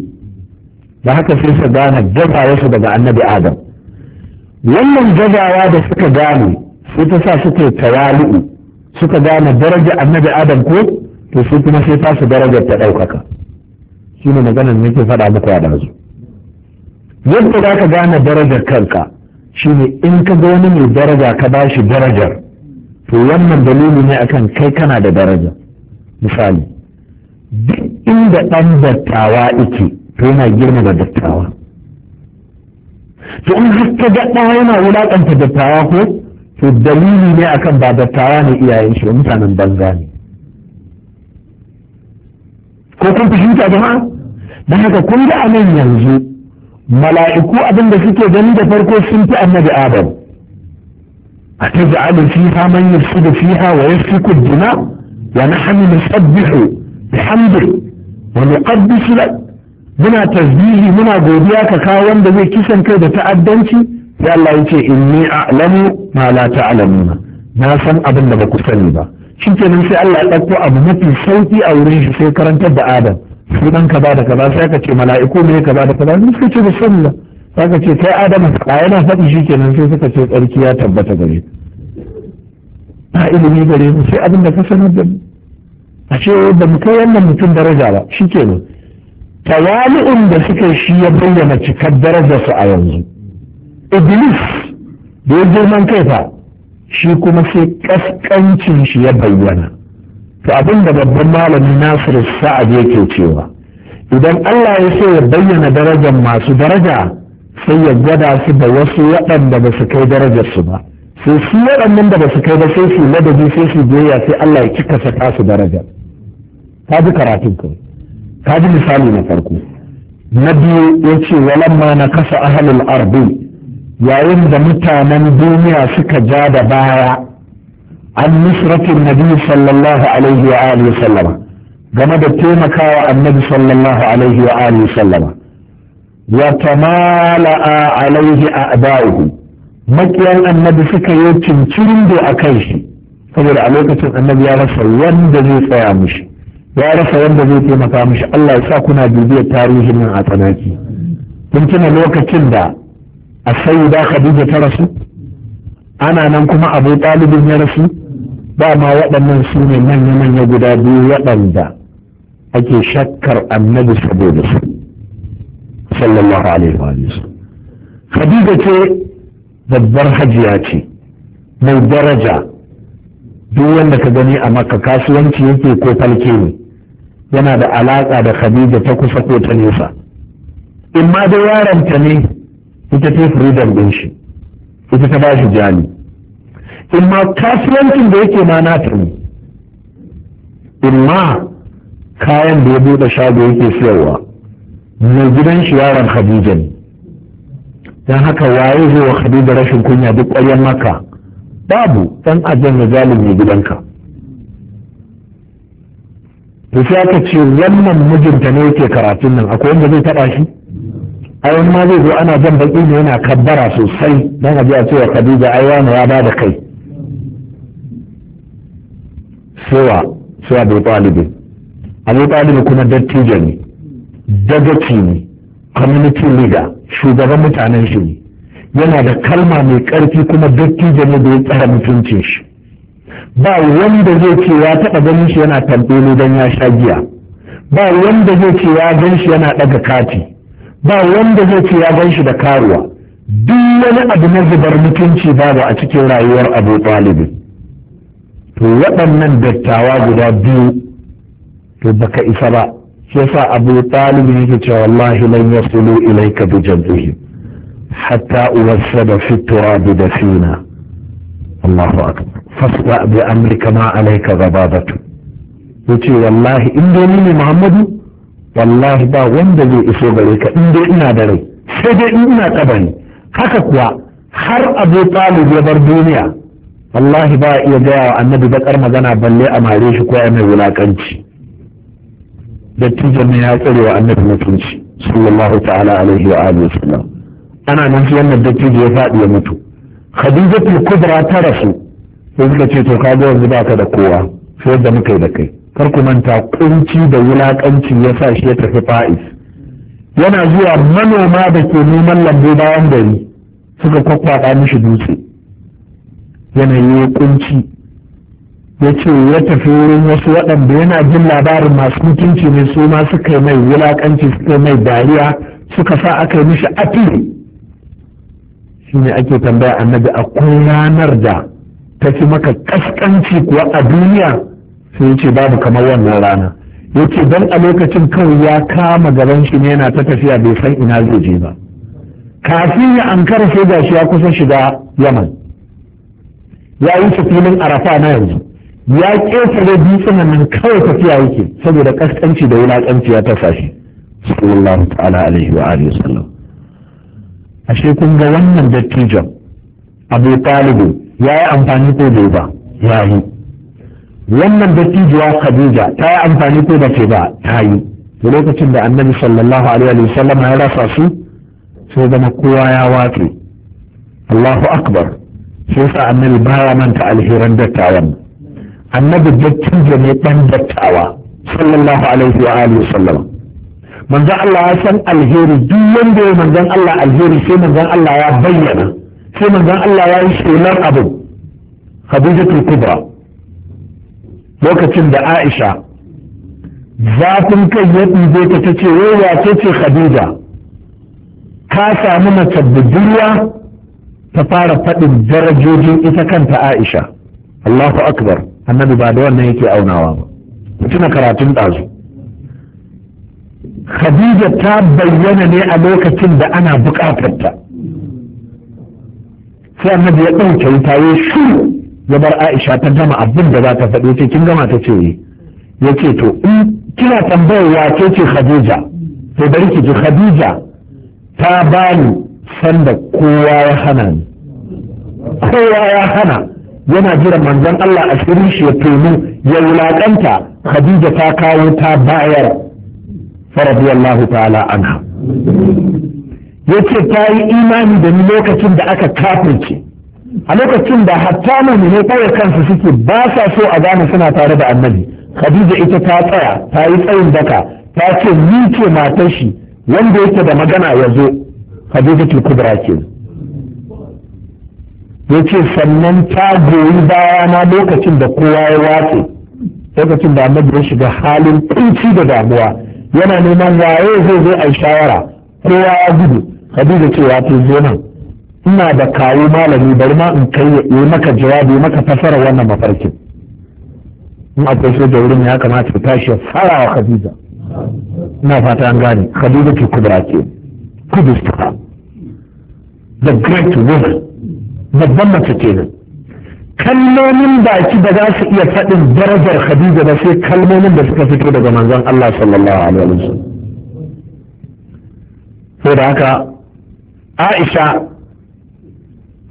da haka sai su gane su daga annabi adam wannan gazawa da suka gane sai ta sa suke tawali'u suka gane daraja annabi adam ko to su kuma sai ta su darajar ta ɗaukaka shi ne maganar da nake faɗa muku a ɗazu yadda za ka gane darajar kanka shi ne in ka ga wani mai daraja ka ba shi darajar to wannan dalili ne akan kai kana da daraja misali duk inda ɗan dattawa yake to yana girma da dattawa to in har ka ga yana wulaƙanta dattawa ko to dalili ne akan ba dattawa ne iyayen shi mutanen banza ne ko kun fahimta jama'a da haka kun ga anan yanzu mala'iku abin da suke gani da farko sun fi annabi adam a ta ja'alu fiha man yafsidu fiha wa yasfiku dima wa nahnu nusabbihu bihamdi wa nuqaddisu lak muna tasbihi muna godiya ka kawo wanda zai kisan kai da ta'addanci sai Allah in inni a'lamu ma la ta'lamuna na san abin da ba ku sani ba kenan sai Allah ya ɗauko abu mafi sauƙi a wurin shi sai karantar da adam sunan ka kaza da kaza sai ka ce mala'iku ne ka kaza da kaza suka ce bismillah sai ka ce kai adamu a yana faɗi shi shikenan sai suka ce tsarki ya tabbata gare ba ilimi gare mu sai abin da ka sanar da mu a ce ba mu kai wannan mutum daraja ba shi shikenan tawali'un da suka shi ya bayyana cikar darajarsu a yanzu iblis da ya girman kai fa shi kuma sai kaskancin shi ya bayyana to abin da babban malami nasiru sa'ad yake cewa idan allah ya so ya bayyana darajar masu daraja sai ya gwada su da wasu waɗanda ba su kai darajar su ba sai su waɗannan da ba su kai ba sai su ladabi sai su biyayya sai allah ya cika saka su daraja ka ji karatun kawai ka ji misali na farko na biyu ya ce walamma na kasa ahalul ardi yayin da mutanen duniya suka ja da baya an nusratin nabi sallallahu alaihi wa alihi sallama game da taimakawa annabi sallallahu alaihi wa alihi sallama wa tamala'a alaihi a'da'uhu makiyan annabi suka yi cincirin da a kan shi saboda a lokacin annabi ya rasa wanda zai tsaya mishi ya rasa wanda zai taimaka mishi Allah ya sa kuna bibiyar tarihin nan a tsanaki kun tuna lokacin da a da Khadija ta rasu ana nan kuma Abu Talibin ya rasu dama waɗannan su ne manya-manya guda biyu waɗanda ake shakkar annabi saboda su sallallahu alaihi wa khadija ce babbar hajiya ce mai daraja duk wanda ka gani a maka kasuwanci yake ko falke ne yana da alaƙa da khadija ta kusa ko ta nesa in ma da yaronta ne ita ce freedom din shi ita ta ba shi jani in ma kasuwancin da yake ma nata ne in ma kayan da ya buɗe shago yake siyarwa mai gidan shi yaron Khadija ne don haka waye zai wa Khadija rashin kunya duk ƙwaryen maka babu dan aljanna zalimi gidanka to sai aka ce wannan mijinta ne yake karatun nan akwai wanda zai taɓa shi ai ma zai zo ana jan baki ne yana kabbara sosai dan a ji a cewa Khadija ai wani ya ba da kai sewa sai abu talibin abu talibin kuma dattijo ne dagaci ne community leader shugaban mutanen shi ne yana da kalma mai karfi kuma dattijo ne da ya tsara mutuncin shi ba wanda zai ce ya taɓa ganin shi yana tambelo don ya sha giya ba wanda zai ce ya gan shi yana daga kati ba wanda zai ce ya gan shi da karuwa duk wani abu na zubar mutunci babu a cikin rayuwar abu ɗalibin to waɗannan dattawa guda biyu to baka isa ba yasa abu talib yake cewa wallahi lan yasulu ilayka bi jaddihi hatta uwassada fi turab dafina Allahu akbar fasla bi amrika ma alayka ghababatu yace wallahi in dai ni Muhammadu wallahi ba wanda zai iso gare ka in dai ina da rai sai dai ina kabari haka kuwa har abu talib ya bar duniya wallahi ba iya gaya wa annabi bakar magana balle a mare shi ko a mai wulakanci dattijan ne ya tsare wa annabi mutunci sallallahu ta'ala alaihi wa alihi wasallam ana nan sai wannan dattijo ya faɗi ya mutu khadijatul kubra ta rasu sai suka ce to kaga yanzu baka da kowa sai da muka yi da kai kar ku manta kunci da wulakanci ya sa shi ya tafi fa'is yana zuwa manoma da ke neman lambu bayan gari suka kwakwata mishi dutse yanayi kunci ya ce ya tafi wurin wasu waɗanda yana jin labarin masu mutunci ne su ma suka yi mai wulaƙanci suka yi mai dariya suka sa aka yi mishi afi shi ne ake tambaya annabi akwai ranar da ta fi maka ƙasƙanci kuwa a duniya sai ya ce babu kamar wannan rana ya ce don a lokacin kawai ya kama gaban shi ne yana ta tafiya bai san ina zai je ba kafin ya ankara sai gashi ya kusa shiga yaman ya yi filin arafa na yanzu ya ƙetare dutsunan nan kawai tafiya yake saboda kaskanci da wulaƙanci ya tafa shi sallallahu ta'ala alaihi wa alihi sallam ashe kun ga wannan dattijon abu talibu ya yi amfani ko bai ba ya yi wannan dattijuwa khadija ta yi amfani ko ba ce ba ta yi lokacin da annabi sallallahu alaihi wa sallam ya rasa su sai zama kowa ya watse Allahu akbar shi yasa annabi baya manta alheran dattawan annabi dattin ne dan dattawa sallallahu alaihi wa alihi sallam manzon Allah ya san alheri duk wanda ya manzon Allah alheri sai manzon Allah ya bayyana sai manzon Allah ya yi shelar abu Khadijatul Kubra lokacin da Aisha zafin kai ya ɗibe ta ta ce wai wace ce Khadija ka samu mace budurwa ta fara faɗin darajojin ita kanta aisha allahu akbar annabi ba da wannan yake aunawa ba tuna karatun ɗazu khadija ta bayyana ne a lokacin da ana buƙatarta sai annabi ya ɗauke wuta ya shiru ya bar aisha ta gama abin da za ta faɗi ce kin gama ta ce ya ce to in kina tambayar wace ce khadija Sai bari ki ji khadija ta bani sanda kowa ya hana ni kowa ya hana yana jira manzon Allah a shirin shi ya tomi ya wulaƙanta Khadija ta kawo ta bayar faradiyallahu ta'ala anha yace ta yi imani da ni lokacin da aka kafirce a lokacin da hatta ne kawai kansu suke ba sa so a gane suna tare da annabi Khadija ita ta tsaya ta yi tsayin daka ta ce ni ce matar shi wanda yake da magana ya zo ke kubra ce yace sannan ta goyi baya na lokacin da kowa ya watse lokacin da annabi ya shiga halin kunci da damuwa yana neman waye zai zo a shawara kowa ya gudu hadiza ce ya ce zo nan ina da kawo malami bari ma in kai yi maka jawabi maka fasara wannan mafarkin in akwai soja wurin ya kamata ta tashi ya fara wa hadiza ina fata an gane hadiza ke kudura ke kudurta the great woman babban mace kenan kalmomin baki da za su iya faɗin darajar khadija ba sai kalmomin da suka fito daga manzon Allah sallallahu alaihi wasallam saboda haka Aisha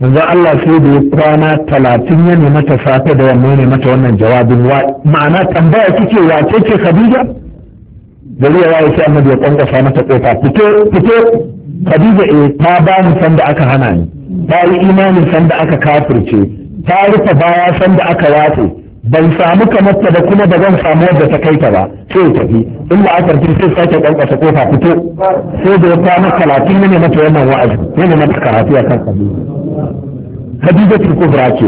manzon Allah sai da kwana talatin ya mata safe da yamma mata wannan jawabin ma'ana tambaya kike wace ce khadija gari ya waye sai annabi ya kwankwasa mata kofa fito fito Khadija eh ta ba san da aka hana ni ta yi imanin san da aka kafirce ta rufe baya san da aka watse ban samu kamar ta da kuma ba zan samu wadda ta kai ta ba sai ya tafi in ba aka tafi sai sake kwankwasa kofa fito sai da ya kwana talatin ne mata wannan wa'azi ne mata karatu a kan Khadija Khadija ce kubra ce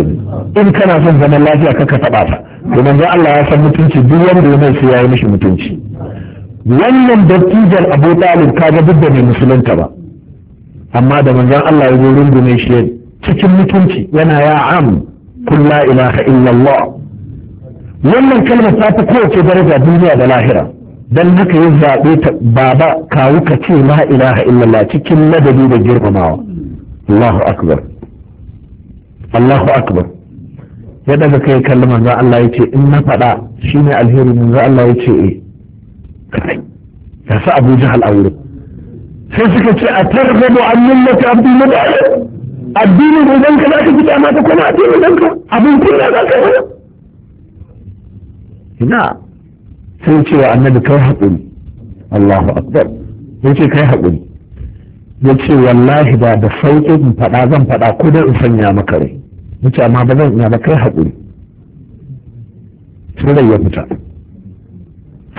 in kana son zaman lafiya ka ka taba ta domin dan Allah ya san mutunci duk wanda ya mai sai yi mishi mutunci wannan dattijan abu talib kaga duk da mai musulunta ba amma da manzon Allah ya zo rungume shi cikin mutunci yana ya am kun ilaha illallah wannan kalmar ta fi kowace daraja duniya da lahira dan haka ya zaɓe ta baba kawu ka ce la ilaha illallah cikin ladabi da girmamawa Allahu akbar Allahu akbar ya daga kai kalmar manzon Allah yace in na faɗa shine alheri manzon Allah yace eh kai ya sa abu jihar a wurin sai suka ce a targabo an na abdu mubarak addinin ka za ka ji dama ta kuma addinin ka abin kuna za ka yi ina sai cewa annabi kai haƙuri Allahu akbar ya ce kai haƙuri ya ce wallahi ba da sauƙi in faɗa zan faɗa ko dai in sanya maka rai ya ce amma ba zan iya ba kai haƙuri sai ya fita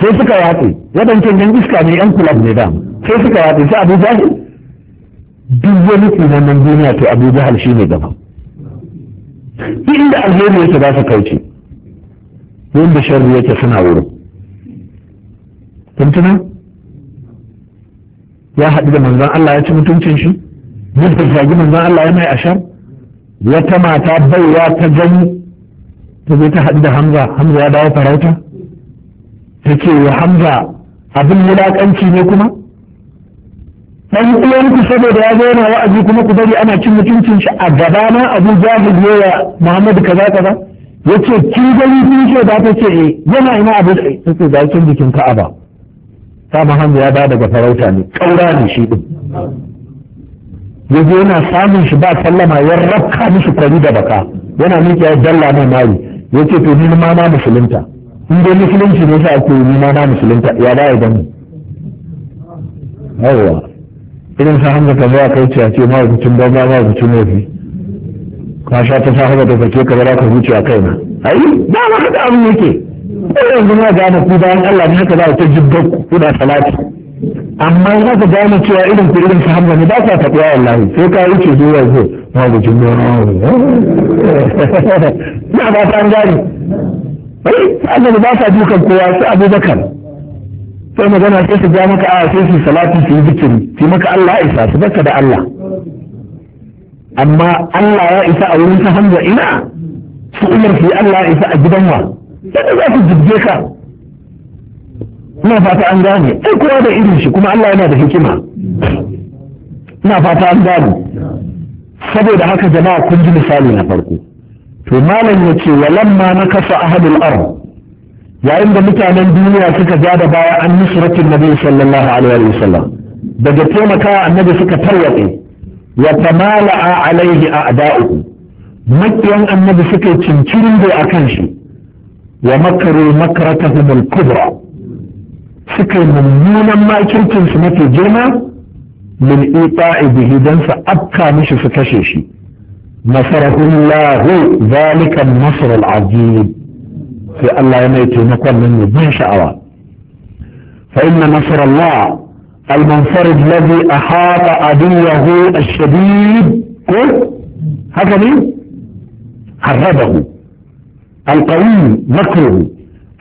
sai suka yatsu waɗancan yan iska ne yan kulab ne da sai suka yatsu sai abu jahil duk wani tunanin duniya to abu jahil shi ne gaba duk inda alheri yake za su kauce wanda sharri yake suna wurin tuntuna ya haɗu da manzan Allah ya ci mutuncin shi mutum zagi manzan Allah ya mai ashar wata mata baiwa ta gani ta zai ta haɗu da Hamza Hamza ya dawo farauta yake wa hamza abin wulakanci ne kuma dan uwanku saboda ya zo yana wa'azi kuma ku bari ana cin mutuncin shi a gaba na abu jahil ne ya muhammadu kaza kaza yace kin gani kin ce da ta ce eh yana ina abu sai da kin jikin ka'aba ta hamza ya ba daga farauta ne kaura ne shi din yaje yana samun shi ba sallama ya rabka mishi kwari da baka yana miƙe ya dalla mai mari yace to ni ma na musulunta in dai musulunci ne sai ake yi ma na musulunta ya da ya gani yawwa irin sa hamza ka zuwa kai ciyace ma rubutun ba ma rubutun wafi ka sha ta sa haka ta sake ka zara ka zuciya a na ayi ba ma haka abin yake ko yanzu ma gane ku bayan Allah ne haka za a ta jibba kuna salati amma in aka gane cewa irin ku irin sa hamza ne ba sa taɓa wallahi sai ka wuce zuwa zo ma rubutun ba ma rubutun na ba ta an gane bai annabi ba sa dukan kowa su abubakar sai magana sai su ja maka a sai su salati su yi zikiri su maka Allah isa su baka da Allah amma Allah ya isa a wurin ta da ina su umar su yi Allah ya isa a gidan wa sai za su jibge ka ina fata an gane ai kowa da irin shi kuma Allah yana da hikima ina fata an gane saboda haka jama'a kun ji misali na farko to malam ya ce walamma na kasa ahadul ard yayin da mutanen duniya suka ja da baya an nusratin nabi sallallahu alaihi wasallam daga taimakawa annabi suka tarwatse wa tamala'a alaihi ada'u. makiyan annabi suka yi cincirin da akan shi wa makaru makaratahum al-kubra suka yi mummunan makircin su mafi girma min ita'i bihi dan su afka mishi su kashe shi نصره الله ذلك النصر العجيب في الله يميت نقل من ما شاء فإن نصر الله المنفرد الذي أحاط عدوه الشديد هكذا حربه القوي مكره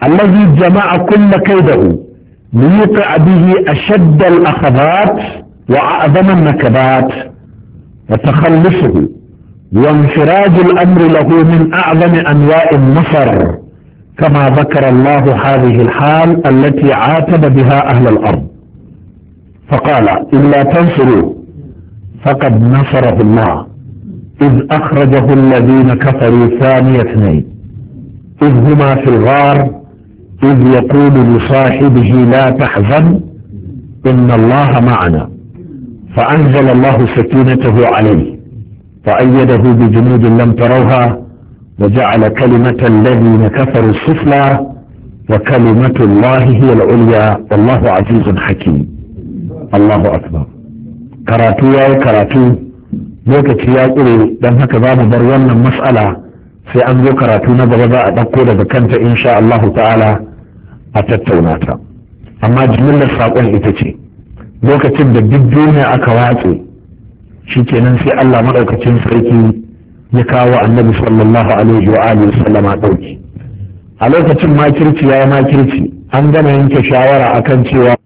الذي جمع كل كيده ليوقع به أشد الأخذات وأعظم النكبات وتخلصه وانفراد الأمر له من أعظم أنواع النصر كما ذكر الله هذه الحال التي عاتب بها أهل الأرض فقال إلا تنصروا فقد نصره الله إذ أخرجه الذين كفروا ثاني اثنين إذ هما في الغار إذ يقول لصاحبه لا تحزن إن الله معنا فأنزل الله سكينته عليه فأيده بجنود لم تروها وجعل كلمة الذين كفروا السفلى وكلمة الله هي العليا والله عزيز حكيم الله أكبر karatu ya yi karatu lokaci ya ƙure don haka za mu bar wannan matsala sai an zo karatu na gaba za a ɗauko daga kanta insha Allahu ta'ala a tattauna ta amma jimillar saƙon ita ce lokacin da duk duniya aka watse shikenan sai Allah madaukakin sarki ya kawo annabi sallallahu alaihi wa alihi sallama dauki a lokacin makirci ya yi makirci an gama yanke shawara akan cewa